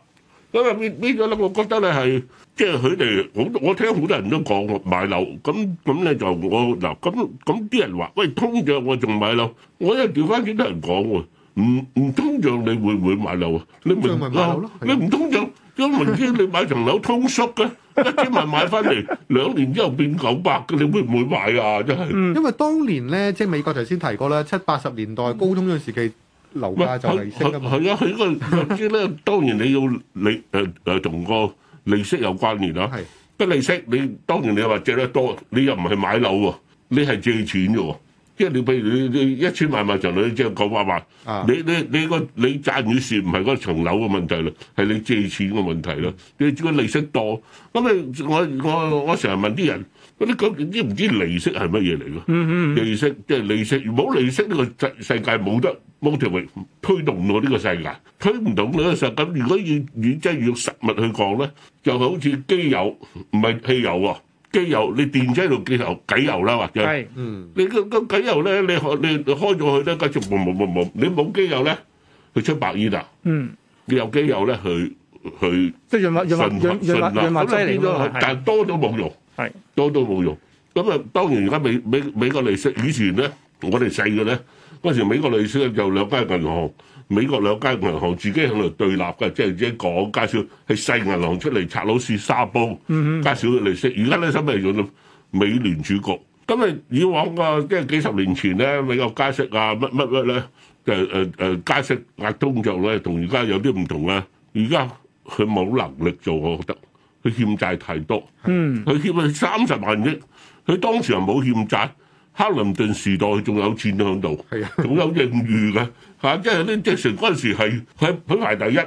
因為變變咗啦，我覺得咧係即係佢哋，我我聽好多人都講買樓，咁咁咧就我嗱咁咁啲人話，喂通脹我仲買樓，我又調翻轉多人講喎，唔唔通脹你會唔會買樓啊？你明啦，脹買你唔通脹。的因為明知你買層樓通縮嘅，一千萬買翻嚟兩年之後變九百嘅，你會唔會買啊？真係。因為當年咧，即係美國頭先提過啦，七八十年代高通嗰陣時期，樓價就係升啊。係啊，佢個即係咧，當然你要你誒誒同個利息有關聯啦。係，不利息你當然你話借得多，你又唔係買樓喎，你係借錢啫喎。即係你，譬如你你一千萬買、就是啊、層樓，你借九百萬，你你你個你賺與蝕唔係嗰層樓嘅問題咯，係你借錢嘅問題咯。你個利息多，咁你我我我成日問啲人，嗰啲咁知唔知利息係乜嘢嚟㗎？利息即係利息，冇利息呢、這個世界冇得冇條命推動到呢、這個世界，推唔到嘅時候，咁如果要遠即係要實物去講咧，就好似機油唔係汽油喎。機油，你電車喺度計油計油啦，或者，嗯，你個個計油咧，你開你開咗去咧，繼續冇冇冇冇，你冇機油咧，佢出白煙啦，嗯，你有機油咧，去去，即係潤滑潤滑潤滑潤滑都變咗，但係多都冇用，係多都冇用，咁啊，當然而家美美美國利息以前咧，我哋細個咧，嗰時美國利息就兩間銀行。美國兩間銀行自己喺度對立嘅，即係自己講介紹，係細銀行出嚟拆老樹沙煲，介紹利息。而家你使咩做咧？美聯儲局，咁啊以往㗎即係幾十年前咧，美國加息啊，乜乜乜咧，誒誒誒加息壓通脹咧，同而家有啲唔同咧。而家佢冇能力做，我覺得佢欠債太多。嗯，佢欠咗三十萬億，佢當時又冇欠債，克林頓時代仲有錢喺度，仲有盈餘嘅。嚇、啊！即係呢，即成嗰陣時係佢佢排第一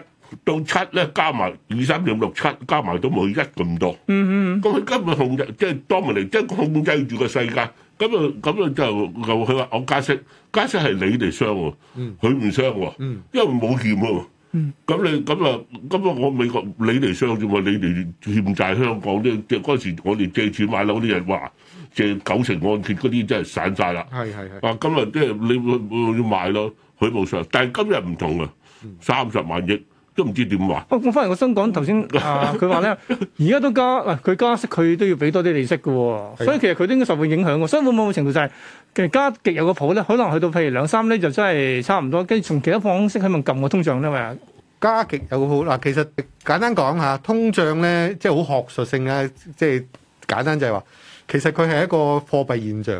到七咧，加埋二三點六七，加埋都冇一咁多。嗯嗯。咁佢今日同即係當埋嚟，即係根本控制住個世界。咁啊咁啊，就佢話我加息，加息係你哋傷喎，佢唔傷喎，嗯、因為冇欠喎。咁、嗯、你咁啊咁啊，我美國你哋傷啫嘛？你哋欠債香港啲借嗰陣時，我哋借錢買樓啲人話借九成按揭嗰啲真係散晒啦。係係係。嗱，今、嗯、日、嗯、即係你會要買咯。佢冇錯，但係今日唔同啊！嗯、三十萬億都唔知點還。我我翻嚟我想講頭先啊，佢話咧，而家、啊、 都加嗱，佢、啊、加息佢都要俾多啲利息嘅喎、哦，的所以其實佢都應該受過影響喎。所以某程度就係、是、其實加極有個譜咧，可能去到譬如兩三咧就真係差唔多，跟住從其他方式起碼撳個通脹咧嘛。加極有個譜嗱，其實簡單講下，通脹咧即係好學術性啊，即係簡單就係話。其實佢係一個貨幣現象，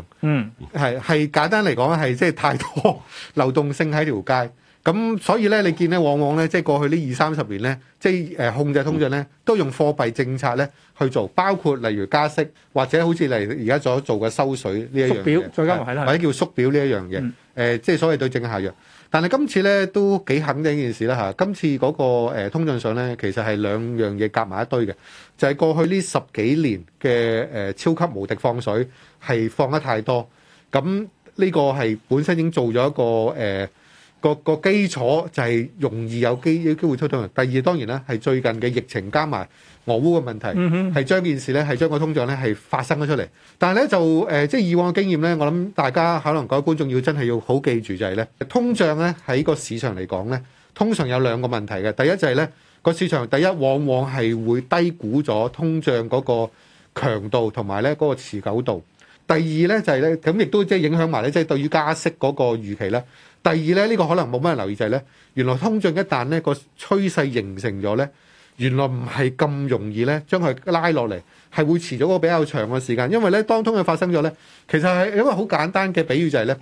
係係、嗯、簡單嚟講係即係太多流動性喺條街，咁所以咧你見咧往往咧即係過去呢二三十年咧，即係誒控制通脹咧、嗯、都用貨幣政策咧去做，包括例如加息或者好似嚟而家所做嘅收水呢一樣嘢，或者叫縮表呢一樣嘢，誒即係所謂對症下藥。但係今次咧都幾肯定一件事啦。嚇、啊，今次嗰、那個、呃、通脹上咧，其實係兩樣嘢夾埋一堆嘅，就係、是、過去呢十幾年嘅誒、呃、超級無敵放水係放得太多，咁呢個係本身已經做咗一個誒。呃個個基礎就係容易有機機會出動。第二當然咧，係最近嘅疫情加埋俄烏嘅問題，係將、嗯、哼件事咧係將個通脹咧係發生咗出嚟。但係咧就誒、呃，即係以往嘅經驗咧，我諗大家可能各位觀眾要真係要好記住就係咧，通脹咧喺個市場嚟講咧，通常有兩個問題嘅。第一就係咧個市場第一往往係會低估咗通脹嗰個強度同埋咧嗰個持久度。第二咧就係咧，咁亦都即係影響埋咧，即係對於加息嗰個預期咧。第二咧呢個可能冇乜人留意就係咧，原來通脹一旦咧個趨勢形成咗咧，原來唔係咁容易咧將佢拉落嚟，係會遲咗個比較長嘅時間。因為咧當通脹發生咗咧，其實係有個好簡單嘅比喻就係咧，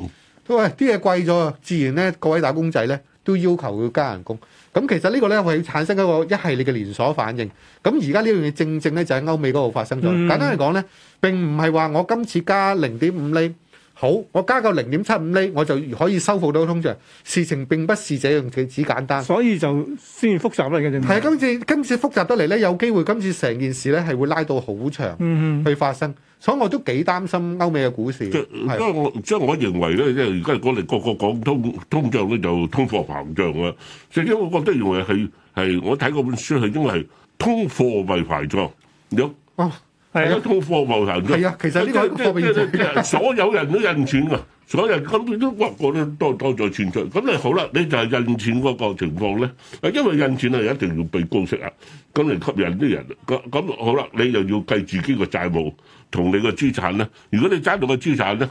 喂啲嘢貴咗啊，自然咧各位打工仔咧。都要求要加人工，咁其實呢個咧會產生一個一系列嘅連鎖反應。咁而家呢樣嘢正正咧就喺歐美嗰度發生咗。嗯、簡單嚟講咧，並唔係話我今次加零點五厘，好，我加個零點七五厘，我就可以收復到通脹。事情並不是這樣嘅，只簡單。所以就先複雜嚟嘅啫。係今次今次複雜得嚟咧，有機會今次成件事咧係會拉到好長去發生。嗯嗯所以我都幾擔心歐美嘅股市，即係我即係我認為咧，即係而家我哋個個講通通脹咧，就通貨膨脹啊。所以因為我覺得認為係係我睇嗰本書係因為通貨幣膨脹有哦係啊通貨幣膨脹係啊，其實呢個即係即係所有人都印錢㗎，所有人咁都個個都當當在存著咁啊。好啦，你就係印錢嗰個情況咧，因為印錢係一定要俾高息啊，咁嚟吸引啲人咁咁好啦。你又要計自己嘅債務。同你個資產咧，如果你揸到個資產咧，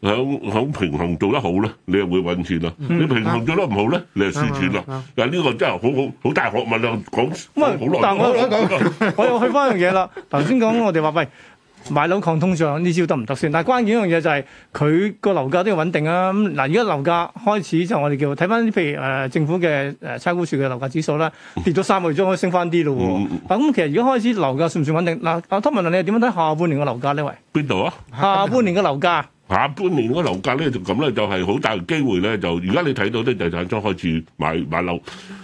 響響平衡做得好咧，你又會揾錢啦。嗯、你平衡做得唔好咧，嗯、你就輸錢啦。嗱、嗯，呢、嗯、個真係好好好大學問啊，講好耐啦。但我又去翻樣嘢啦，頭先講我哋話喂。 買樓抗通脹呢招得唔得先？但係關鍵一樣嘢就係佢個樓價都要穩定啊！咁嗱，而家樓價開始就我哋叫睇翻譬如誒、呃、政府嘅誒差估處嘅樓價指數啦，跌咗三個月，將可以升翻啲咯喎！咁、嗯啊、其實而家開始樓價算唔算穩定？嗱、啊，阿湯文，你點樣睇下半年嘅樓價呢？喂，邊度啊？下半年嘅樓價。下半年嘅樓價咧，就咁咧，就係、是、好大嘅機會咧。就而家你睇到啲地產商開始買買樓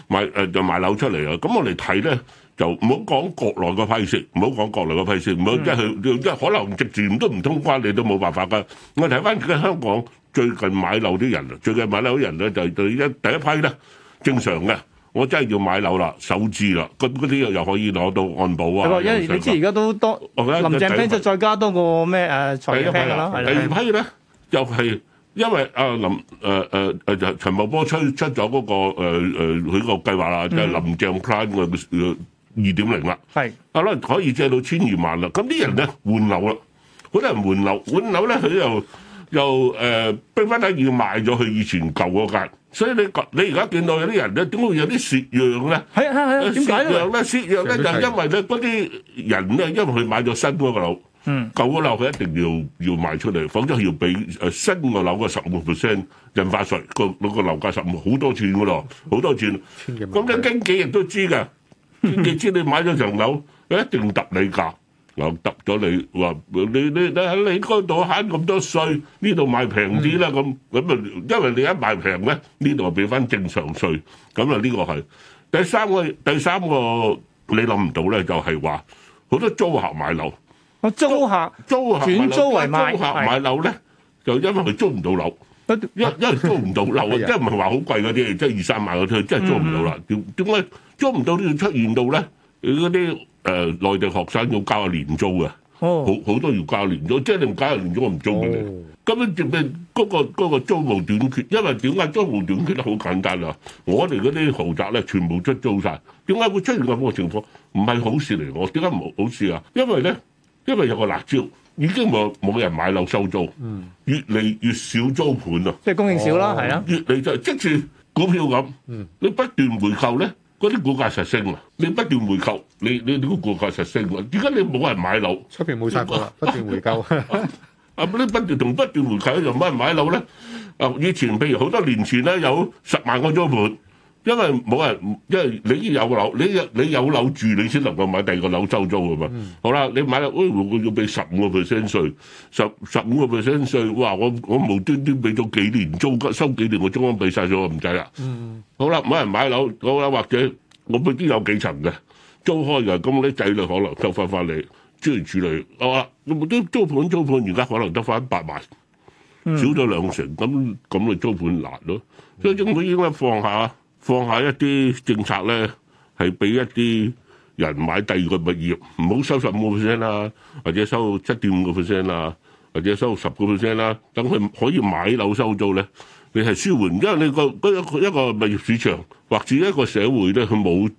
買誒、呃，就買樓出嚟啊！咁我哋睇咧。就唔好講國內個批線，唔好講國內個批線，唔好即係，即係可能直線都唔通關，你都冇辦法㗎。我睇翻而家香港最近買樓啲人，最近買樓啲人咧就對一第一批咧正常嘅，我真係要買樓啦，首置啦，咁嗰啲又又可以攞到按保啊。你知而家都多林鄭 s 就再加多個咩誒財爺 plan 啦。第二批咧又係因為阿林誒誒誒陳茂波出出咗嗰個誒佢個計劃啦，就係林鄭 plan 二點零啦，係，啊啦可以借到千二萬啦。咁啲人咧換樓啦，好多人換樓，換樓咧佢又又誒逼返啲嘢賣咗佢以前舊嗰間。所以你你而家見到有啲人咧，點會有啲蝕讓咧？係係係，點解咧？蝕讓咧，蝕讓咧就因為咧嗰啲人咧，因為佢買咗新嗰個樓，嗯，舊嗰樓佢一定要要賣出嚟，否則要俾誒新嘅樓嘅十五個 percent 印花稅，個嗰個樓價十五，好多錢噶咯，好多錢。千幾咁嘅經紀人都知㗎。你知你買咗層樓，佢一定揼你噶，嗱，揼咗你話，你你你喺你嗰度慳咁多稅，呢度買平啲啦，咁咁啊，因為你一賣平咧，呢度啊俾翻正常稅。咁啊呢個係第三個第三個你諗唔到咧，就係話好多租客買樓，啊租客租客轉租為買客買樓咧，就因為佢租唔到樓，因因為租唔到樓啊，即係唔係話好貴嗰啲，即係二三萬嗰啲，真係租唔到啦，點點解？租唔到都要出現到咧，你嗰啲誒內地學生要交年租嘅，好好、oh. 多要交年租，即係你唔交年租我唔租俾你咁樣，證明嗰個租務短缺。因為點解租務短缺咧？好簡單啊，我哋嗰啲豪宅咧全部出租晒。點解會出現咁嘅情況？唔係好事嚟，我點解唔好好事啊？因為咧，因為有個辣招已經冇冇人買樓收租，越嚟越少租盤啊，即係供應少啦，係啊，越嚟就即係股票咁，你不斷回購咧。嗯嗰啲股價實升啊！你不斷回購，你你啲股價實升喎。點解你冇人買樓？出邊冇人買樓， 不斷回購。啊，不不斷同不斷回購，又冇人買樓呢？以前譬如好多年前咧，有十萬個租盤。因為冇人，因為你有樓，你你有樓住，你先能夠買第二個樓收租啊嘛。嗯、好啦，你買樓，誒、哎，要俾十五個 percent 稅，十十五個 percent 稅，哇！我我無端端俾咗幾年租收幾年個租金俾晒咗，我唔制、嗯、啦。好啦，冇人買樓，或者我啲有幾層嘅租開嘅，咁啲仔女可能收翻翻嚟，即係處理。啊，我啲租盤租盤，而家可能得翻一百萬，嗯、少咗兩成，咁咁咪租盤難咯。嗯、所以政府應該放下。放下一啲政策咧，係俾一啲人買第二個物業，唔好收十五個 percent 啦，或者收七點五個 percent 啦，或者收十個 percent 啦，等、啊、佢可以買樓收租咧，你係舒緩，因為你個一個，一個物業市場或者一個社會咧，佢冇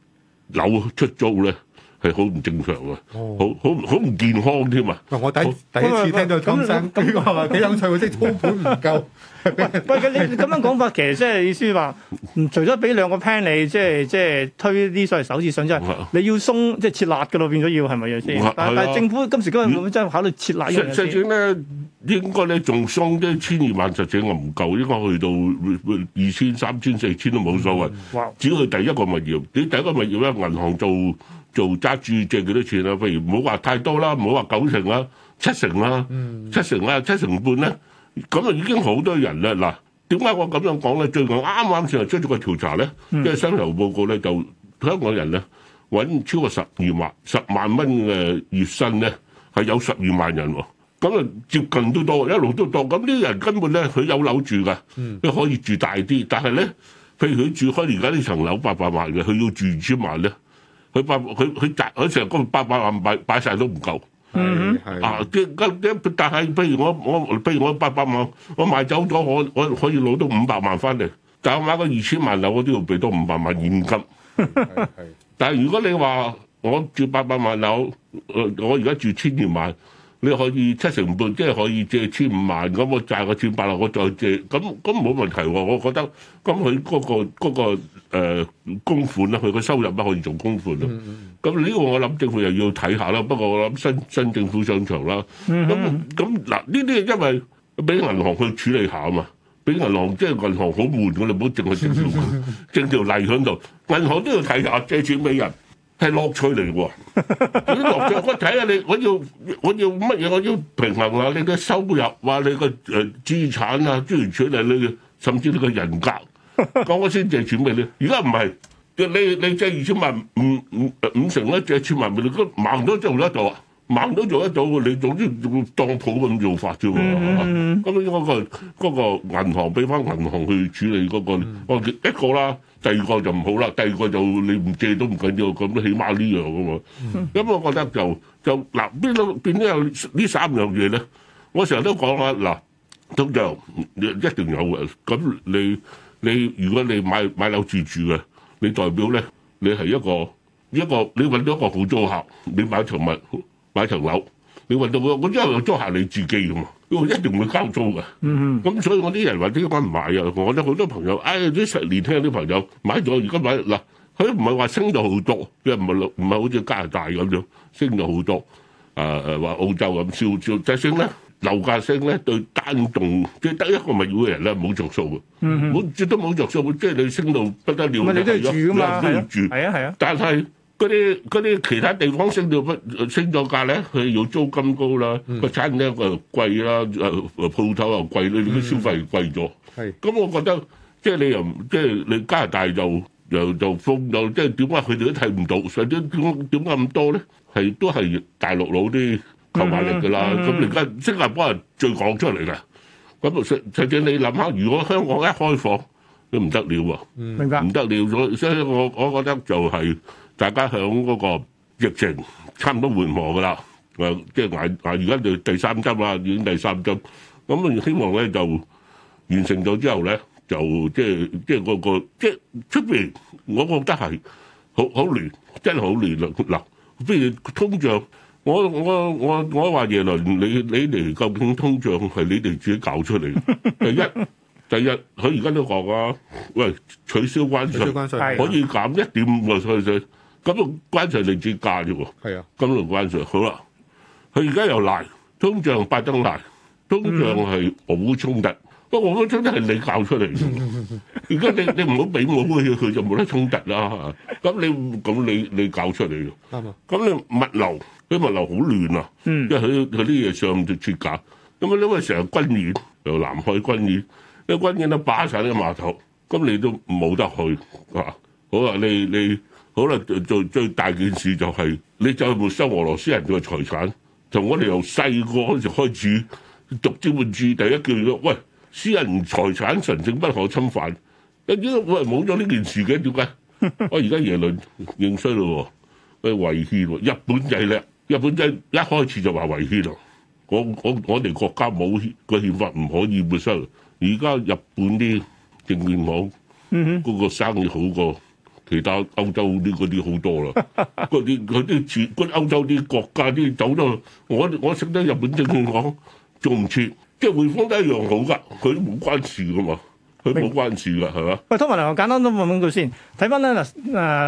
樓出租咧。係好唔正常啊，好好好唔健康添啊！我第第一次聽到咁樣，呢個係咪幾有趣？即係根本唔夠。不過你咁樣講法，其實即係意思話，除咗俾兩個 plan 你，即係即係推啲所謂首次上車，你要鬆即係撤辣嘅咯，變咗要係咪先？但係政府今時今日真係考慮撤辣。即係整咧，應該咧仲鬆啲，千二萬就整，我唔夠，應該去到二千、三千、四千都冇所謂。只要佢第一個物業，啲第一個物業咧，銀行做。做揸住借幾多錢啦、啊？譬如唔好話太多啦，唔好話九成啦、啊，七成啦、啊，嗯、七成啦、啊，七成半咧，咁啊已經好多人啦嗱。點解我咁樣講咧？最近啱啱先出咗個調查咧，即係薪酬報告咧，就香港人咧揾超過十二萬十萬蚊嘅月薪咧，係有十二萬人喎、哦。咁啊接近都多，一路都多。咁呢啲人根本咧佢有樓住㗎，都、嗯、可以住大啲。但係咧，譬如佢住開而家呢層樓八百萬嘅，佢要住二千萬咧。佢百佢佢集佢成個八百萬買擺曬都唔夠，係係 啊！即係但係，譬如我我譬如我八百萬，我買走咗，我我可以攞到五百萬翻嚟。但我買個二千萬樓，我都要俾到五百萬現金。 但係如果你話我住八百萬樓，我我而家住千二萬。你可以七成半，即係可以借千五萬咁，我借個千八落，我再借咁，咁冇問題喎。我覺得咁佢嗰個嗰、嗰個呃、公款啦，佢個收入啦可以做公款啦。咁呢、嗯嗯、個我諗政府又要睇下啦。不過我諗新新政府上場啦。咁咁嗱呢啲因為俾銀行去處理下啊嘛，俾銀行即係、即係、銀行好悶，我哋唔好淨係整條，整 條例喺度，銀行都要睇下借錢俾人。係樂趣嚟喎，點樂趣？我睇下你，我要我要乜嘢？我要平衡啊！你嘅收入啊，你嘅誒、呃、資產啊，諸如此類你甚至你嘅人格，講我先借錢俾你。而家唔係，你你借二千萬五五五成咧，借千萬俾你，都掹唔到做得到啊！盲唔到做得到，你總之總當鋪咁做法啫喎。咁嗰、嗯那個嗰、那個那個銀行俾翻銀行去處理嗰、那個，我、那個、一個啦。第二個就唔好啦，第二個就你唔借都唔緊要，咁都起碼呢樣嘅嘛。咁 我覺得就就嗱，邊度變咗有呢三樣嘢咧？我成日都講啦，嗱，通常一定有嘅。咁你你如果你買買樓自住嘅，你代表咧，你係一個一個你揾咗一個好租客，你買層物買層樓。你運動喎，我因為又租下你自己嘅嘛？我一定會交租嘅。嗯嗯哼。咁所以我啲人話點解唔買啊？我覺得好多朋友，哎，啲成年聽啲朋友買咗，而家買嗱，佢唔係話升咗好多，即係唔係唔係好似加拿大咁樣升咗好多？啊啊話澳洲咁少少，但升咧樓價升咧，對單棟即係得一個物業嘅人咧冇着數嘅。嗯嗯哼。冇，絕對冇著數。即係你升到不得了，你都係住嘅、嗯、嘛，係啊，係啊，但係。嗰啲嗰啲其他地方升到不升咗價咧，佢要租金高啦，個餐廳又貴啦，誒鋪頭又貴啦，啲消費貴咗。係咁，我覺得即係你又即係你加拿大又又又封又即係點解佢哋都睇唔到？所以點點點解咁多咧？係都係大陸佬啲購買力㗎啦。咁而家新加坡人最講出嚟㗎。咁實實際你諗下，如果香港一開放都唔得了喎，唔得了咗。所以我我覺得就係。大家響嗰個疫情差唔多緩和㗎啦，誒，即係而而家就第三針啦，已經第三針，咁希望咧就完成咗之後咧，就即係即係嗰個即係出邊，我覺得係好好亂，真係好亂啦嗱。譬如通脹，我我我我話耶倫，你你哋究竟通脹係你哋自己搞出嚟？第一，第一，佢而家都講啊，喂，取消關稅關稅，可以減一點五個稅稅。咁關稅你自己加啫喎，係啊，咁就關稅好啦。佢而家又賴通脹，拜登賴通脹係冇衝突，不過，我冇衝突係你搞出嚟嘅。而家 你你唔好俾冇嘅嘢，佢就冇得衝突啦。咁你咁你你搞出嚟嘅，咁你物流佢物流好亂啊是，因為佢佢啲嘢上就脱架，咁啊，因為成日軍演由南海軍演，啲軍演都擺晒啲碼頭，咁你都冇得去啊。好啊，你你。你好啦，最最最大件事就係、是，你去沒收俄羅斯人嘅財產，從我哋由細個嗰陣開始讀專門書，第一句咗，喂，私人財產神聖不可侵犯。點解喂冇咗呢件事嘅？點解？我而家耶倫認衰咯，喂，違憲日本仔係日本仔一開始就話違憲啊。我我我哋國家冇個憲法唔可以沒收，而家日本啲證券網嗰個生意好過。其他歐洲啲嗰啲好多啦，嗰啲佢啲全啲歐洲啲國家啲走咗，我我識得日本政協講做唔切，即係滙豐都一樣好㗎，佢冇關事㗎嘛。佢冇關注㗎，係嘛白？吧喂，湯文亮，我簡單都問問句先。睇翻咧嗱，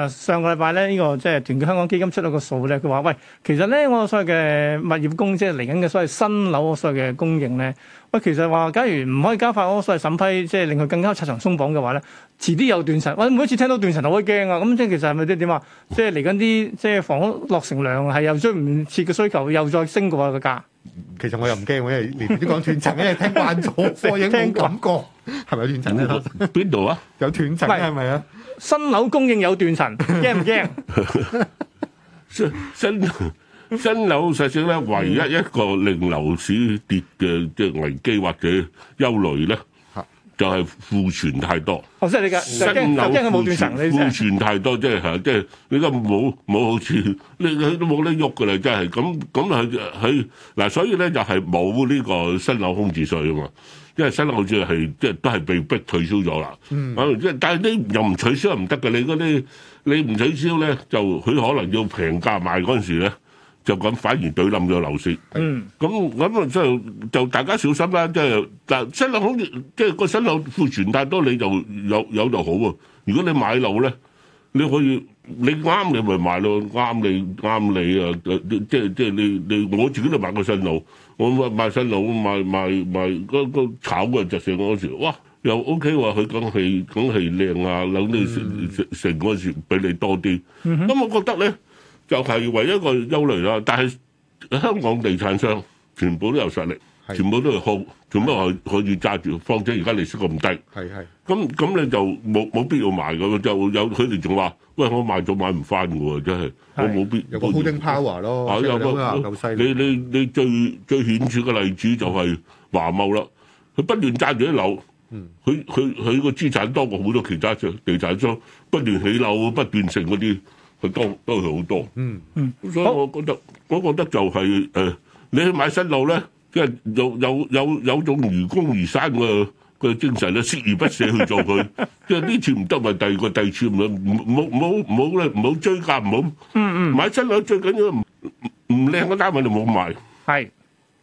誒上個禮拜咧呢個即係、就是、團結香港基金出咗個數咧，佢話喂，其實咧我所謂嘅物業供，即係嚟緊嘅所謂新樓嘅所謂嘅供應咧，喂，其實話假如唔可以加快我所謂審批，即係令佢更加拆牆鬆綁嘅話咧，遲啲又斷層。喂，每次聽到斷層我都驚啊！咁即係其實係咪即係點啊？即係嚟緊啲即係房屋落成量係又追唔切嘅需求，又再升過個價？其實我又唔驚，因為連都講斷層，因為聽慣咗，我已經冇感覺。係咪有斷層咧？邊度啊？有斷層係咪啊？新樓供應有斷層，驚唔驚？新新新樓實際上咧，唯一一個令樓市跌嘅即係危機或者憂慮咧。就係庫存太多，我識你噶，新樓庫存，存太多， 即係即係你都冇冇好似你佢都冇得喐嘅啦，即係咁咁佢佢嗱，所以咧就係冇呢個新樓空置稅啊嘛，因為新樓好似係即係都係被逼、嗯啊、取消咗啦。即係但係你又唔取消唔得嘅，你嗰啲你唔取消咧，就佢可能要平價賣嗰陣時咧。就咁反而對冧咗樓市，咁咁啊！即係就大家小心啦，即係但新樓好似即係個新樓庫存太多，你就有有就好喎。如果你買樓咧，你可以你啱你咪買咯，啱你啱你啊！即即即你你我自己都買個新樓，我買買新樓買買買嗰個炒嘅就成嗰時，哇又 OK 話佢梗係梗係靚啊，等你成成嗰時畀你多啲。咁我覺得咧，就係唯一,一個憂慮啦，但係香港地產商全部都有實力，是全部都有控，做咩可可以揸住。是況且而家利息咁低，係係。咁咁你就冇冇必要買㗎？就有佢哋仲話：喂，我買咗買唔返㗎喎！真係是我冇必要。有個 holding power 咯，或者、啊啊、你、啊、你你最最顯著嘅例子就係華茂啦，佢不斷揸住啲樓，佢佢佢個資產多過好多其他，其他地產商不，不斷起樓，樓，不斷成嗰啲。佢多都係好多，嗯嗯，咁所以我覺得我覺得就係誒，你去買新樓咧，即係有有有有種愚公移山嘅嘅精神咧，鍥而不捨去做佢，即係呢次唔得咪第二個第二次唔好唔好唔好唔好咧唔好追價唔好，嗯嗯，買新樓最緊要唔唔靚嘅單位就冇買，係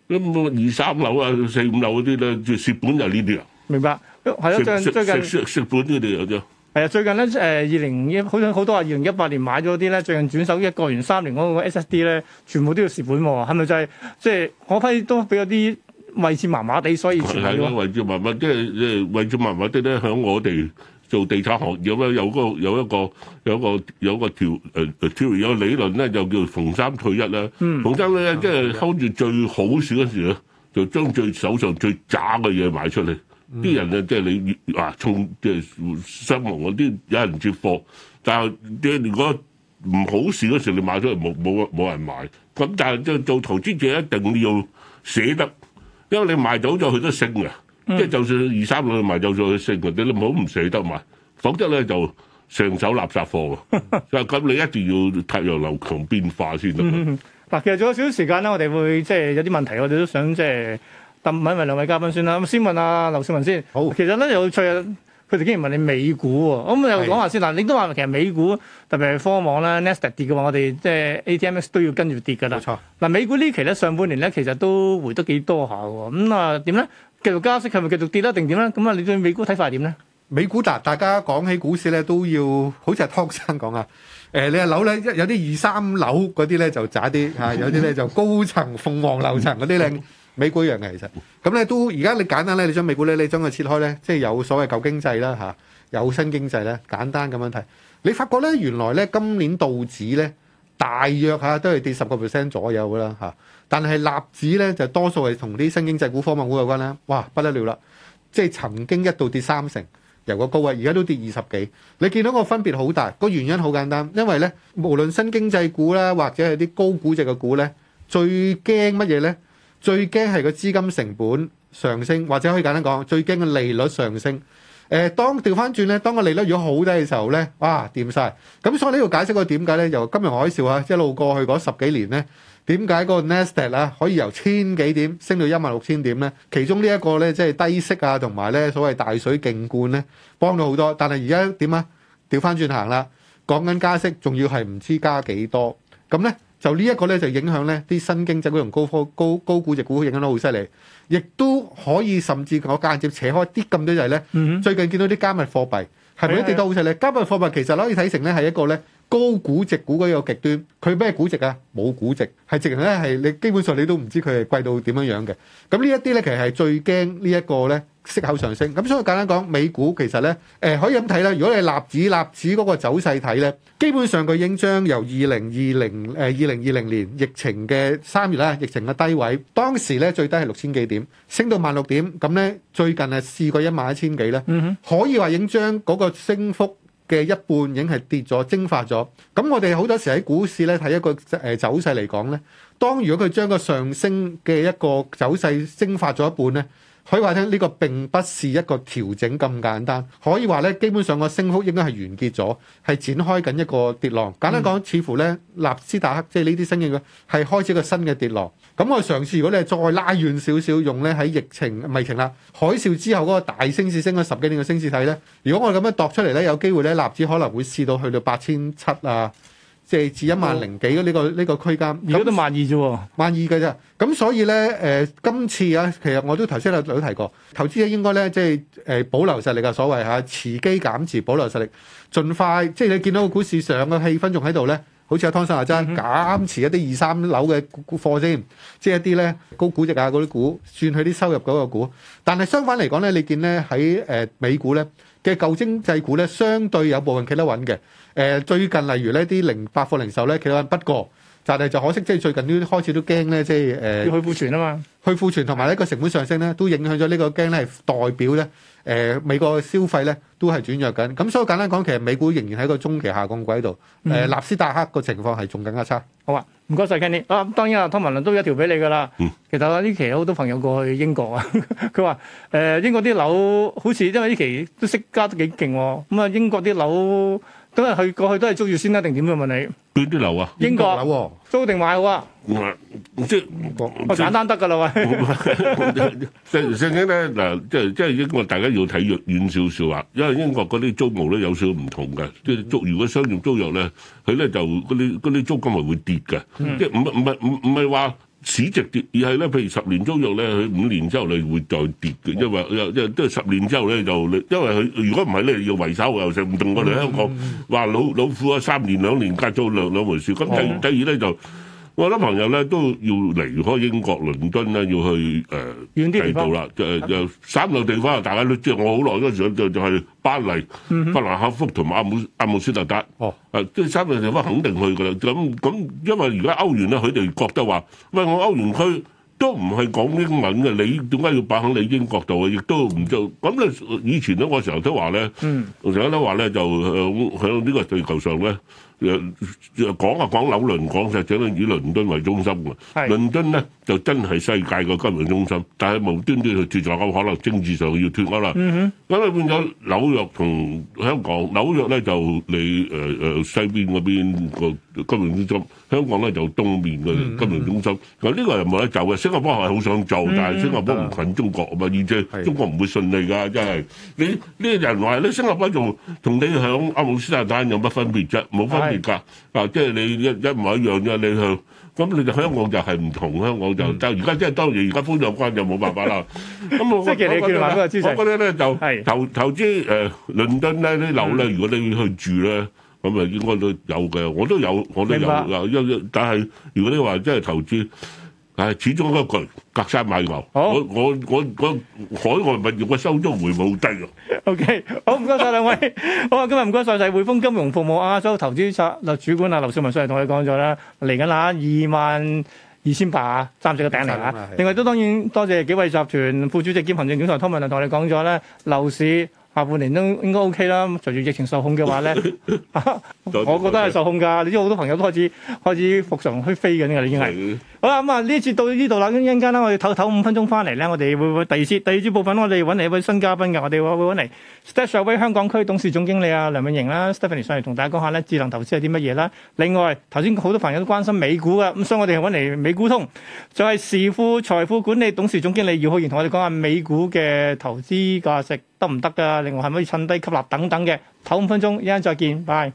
咁二三樓啊四五樓嗰啲咧，就蝕本就呢啲啊，明白？係啊，最近蝕蝕蝕本嗰啲有咗。係啊，最近咧誒、呃、二零一，好像好多話二零一八年買咗啲咧，最近轉手一個完三年嗰個 SSD 咧，全部都要蝕本喎、啊，係咪就係、是、即係嗰批都比較啲位置麻麻地，所以蝕咗。係啊，位置麻麻，即係即係位置麻麻啲咧，響我哋做地產行業咧，有個有一個有一個有一個，有一個條誒、呃、條有理論咧，就叫逢三退一啦。嗯。逢三咧，即係 hold 住最好時嗰時咧，就將最手上最渣嘅嘢賣出嚟。啲、嗯、人咧，即係你啊，從即係失望嗰啲，有、就是、人接貨，但係即係如果唔好事嗰時候，你買咗係冇冇冇人買。咁但係做做投資者一定要捨得，因為你賣走咗佢都升啊，即係、嗯、就算二三六賣走咗佢升嗰啲，你唔好唔捨得賣，否則咧就成手垃圾貨 就咁你一定要睇由流動變化先得。嗱、嗯，其實仲有少少時間咧，我哋會即係有啲問題，我哋都想即係。揼問埋兩位嘉賓先啦。咁先問下、啊、劉紹文先。好，其實咧有趣啊。佢哋竟然問你美股喎。咁又講下先嗱的。你都話其實美股特別係科網啦 Nasdaq 跌嘅話，我哋即係 ATMS 都要跟住跌嘅啦。冇錯。嗱，美股呢期咧上半年咧其實都回得幾多下喎。咁啊點咧？繼續加息係咪繼續跌得定點咧？咁啊，你對美股睇法係點咧？美股嗱，大家講起股市咧都要，好似係湯生講啊。誒、呃，你係樓咧，有啲二三樓嗰啲咧就渣啲嚇，有啲咧就高層鳳凰樓層嗰啲咧。 美股一樣嘅其實，咁咧都而家你簡單咧，你將美股咧，你將佢切開咧，即係有所謂舊經濟啦嚇、啊，有新經濟咧，簡單咁樣睇。你發覺咧，原來咧今年道指咧大約嚇、啊、都係跌十個 percent 左右啦嚇、啊，但係納指咧就多數係同啲新經濟股、科技股有關啦。哇，不得了啦！即係曾經一度跌三成由個高位，而家都跌二十幾，你見到個分別好大，個原因好簡單，因為咧無論新經濟股啦，或者係啲高估值嘅股咧，最驚乜嘢咧？最驚係個資金成本上升，或者可以簡單講，最驚個利率上升。誒、呃，當調翻轉咧，當個利率如果好低嘅時候咧，哇，掂晒！咁所以呢度解釋個點解咧，由金融海嘯啊一路過去嗰十幾年咧，點解個納斯達克啊可以由千幾點升到一萬六千點咧？其中呢一個咧，即係低息啊，同埋咧所謂大水勁灌咧，幫到好多。但係而家點啊？調翻轉行啦，講緊加息，仲要係唔知加幾多咁咧。就呢一個咧，就影響咧啲新經濟股同高科高高估值股影響得好犀利，亦都可以甚至我間接扯開啲咁多嘢咧。嗯、哼最近見到啲加密貨幣係咪一直都好犀利？是是加密貨幣其實可以睇成咧係一個咧。高估值股嗰個極端，佢咩估值啊？冇估值，係直情咧係你基本上你都唔知佢係貴到點樣樣嘅。咁呢一啲咧，其實係最驚呢一個咧息口上升。咁所以簡單講，美股其實咧，誒、呃、可以咁睇啦。如果你納指納指嗰個走勢睇咧，基本上佢應將由二零二零誒二零二零年疫情嘅三月咧，疫情嘅低位，當時咧最低係六千幾點，升到萬六點，咁咧最近係試過一萬一千幾咧，mm hmm. 可以話影將嗰個升幅。嘅一半已經係跌咗、蒸發咗。咁我哋好多時喺股市咧，睇一個誒走勢嚟講咧，當如果佢將個上升嘅一個走勢蒸發咗一半咧。可以話呢，呢、這個並不是一個調整咁簡單。可以話呢，基本上個升幅應該係完結咗，係展開緊一個跌浪。簡單講，似乎呢納斯達克即係呢啲升嘅，係開始一個新嘅跌浪。咁我上次如果你再拉遠少少，用呢喺疫情迷情啦，海嘯之後嗰個大升市，升咗十幾年嘅升市睇呢，如果我咁樣度出嚟呢，有機會呢納指可能會試到去到八千七啊。即係至一萬零幾嘅呢個呢個區間，而家都萬二啫喎，萬二嘅啫。咁所以咧，誒、呃，今次啊，其實我都頭先有提過，投資者應該咧，即係誒保留實力嘅所謂嚇、啊，持機減持，保留實力，儘快即係你見到個股市上嘅氣氛仲喺度咧，好似阿湯生話齋、嗯、哼減持一啲二三樓嘅股股貨先，即係一啲咧高估值啊嗰啲股，轉去啲收入嗰個股。但係相反嚟講咧，你見咧喺誒美股咧。嘅舊經濟股咧，相對有部分企得穩嘅。誒、呃，最近例如呢啲零百貨零售咧企得穩，不過。但係就可惜，即係最近都開始都驚咧，即係誒去庫存啊嘛，去庫存同埋呢個成本上升咧，都影響咗呢個驚咧，係代表咧誒美國嘅消費咧都係轉弱緊。咁所以簡單講，其實美股仍然喺個中期下降軌度。誒納斯達克個情況係仲更加差。好啊，唔該曬，Kenny。咁當然啊，湯文亮都有一條俾你噶啦。其實呢期有好多朋友過去英國啊，佢話誒英國啲樓好似因為呢期都息加都幾勁喎。咁啊英國啲樓。都係去過去都係租住先啦、啊，定點樣？問你邊啲樓啊？英國樓租定買好啊？嗯、即係我、哦、即簡單得㗎啦喂！正正經咧嗱，即係即係英國，大家要睇遠少少啊，因為英國嗰啲租務咧有少唔同嘅，即係租如果商業租約咧，佢咧就嗰啲啲租金係會跌嘅，嗯、即係唔唔唔唔係話。市值跌而係咧，譬如十年租約咧，佢五年之後你會再跌嘅，嗯、因為又又都係十年之後咧就，因為佢如果唔係咧要維修又成唔同我哋香港話、嗯、老老虎啊，三年兩年隔租兩兩回事。咁第第二咧、嗯、就。我啲朋友咧都要離開英國倫敦咧，要去誒其他地方啦。誒誒、呃，三個地方啊，大家都知我好耐嗰陣就就係巴黎、嗯、哼法蘭克福同埋阿姆阿姆斯特丹。哦，誒、啊，即係三個地方肯定去噶啦。咁咁，因為而家歐元咧，佢哋覺得話，喂，我歐元區都唔係講英文嘅，你點解要擺喺你英國度？亦都唔做。咁咧，以前咧嗰時候都話咧，我成日都話咧就響響、呃、呢個地球上咧。誒，講啊講紐倫，講就講以倫敦為中心嘅，倫是敦咧就真係世界嘅金融中心，但係無端端去脫咗啦，可能政治上要脫咗啦，咁啊、嗯、哼變咗紐約同香港，紐約咧就你誒誒西邊嗰邊個。金融中心，香港咧就東面嘅金融中心。嗱，呢個又冇得走嘅，新加坡係好想做，但係新加坡唔近中國啊嘛，而且中國唔會順利㗎，真係。你呢個人話咧，新加坡仲同你響阿姆斯特丹有乜分別啫？冇分別㗎，嗱即係你一一唔一樣㗎，你去咁你就香港就係唔同，香港就就而家即係當然而家封咗關就冇辦法啦。咁我我覺得咧就投投資誒倫敦咧啲樓咧，如果你去住咧。咁咪應該都有嘅，我都有，我都有，有有白有。但係如果你話真係投資，唉，始終一句隔山買牛。好我我我海外物業嘅收租回報低 OK，好唔該晒兩位。 好啊，今日唔該曬匯豐金融服務亞洲投資策略主管啊，劉紹文，上嚟同你講咗啦，嚟緊啦，二萬二千八啊，三四個頂嚟啦。八八另外都當然多謝,謝紀惠集團副主席兼行政總裁湯文亮同你講咗咧，樓市。下半年都應該 OK 啦，隨住疫情受控嘅話咧， 我覺得係受控噶。你知好多朋友都開始開始復常去飛嘅呢，已經係。 好啦，咁啊呢一節到呢度啦，一陣間啦，我哋唞唞五分鐘翻嚟咧，我哋會會第二節第二節部分，我哋揾嚟一位新嘉賓嘅，我哋會會揾嚟。StashAway 香港區董事總經理啊，梁敏瑩啦 Stephanie 上嚟同大家講下咧，智能投資係啲乜嘢啦。另外，頭先好多朋友都關心美股噶，咁所以我哋揾嚟美股通，就係時富財富管理董事總經理姚浩然同我哋講下美股嘅投資價值。得唔得㗎？另外係咪可以趁低吸納等等嘅。唞五分鐘，一陣再見，拜。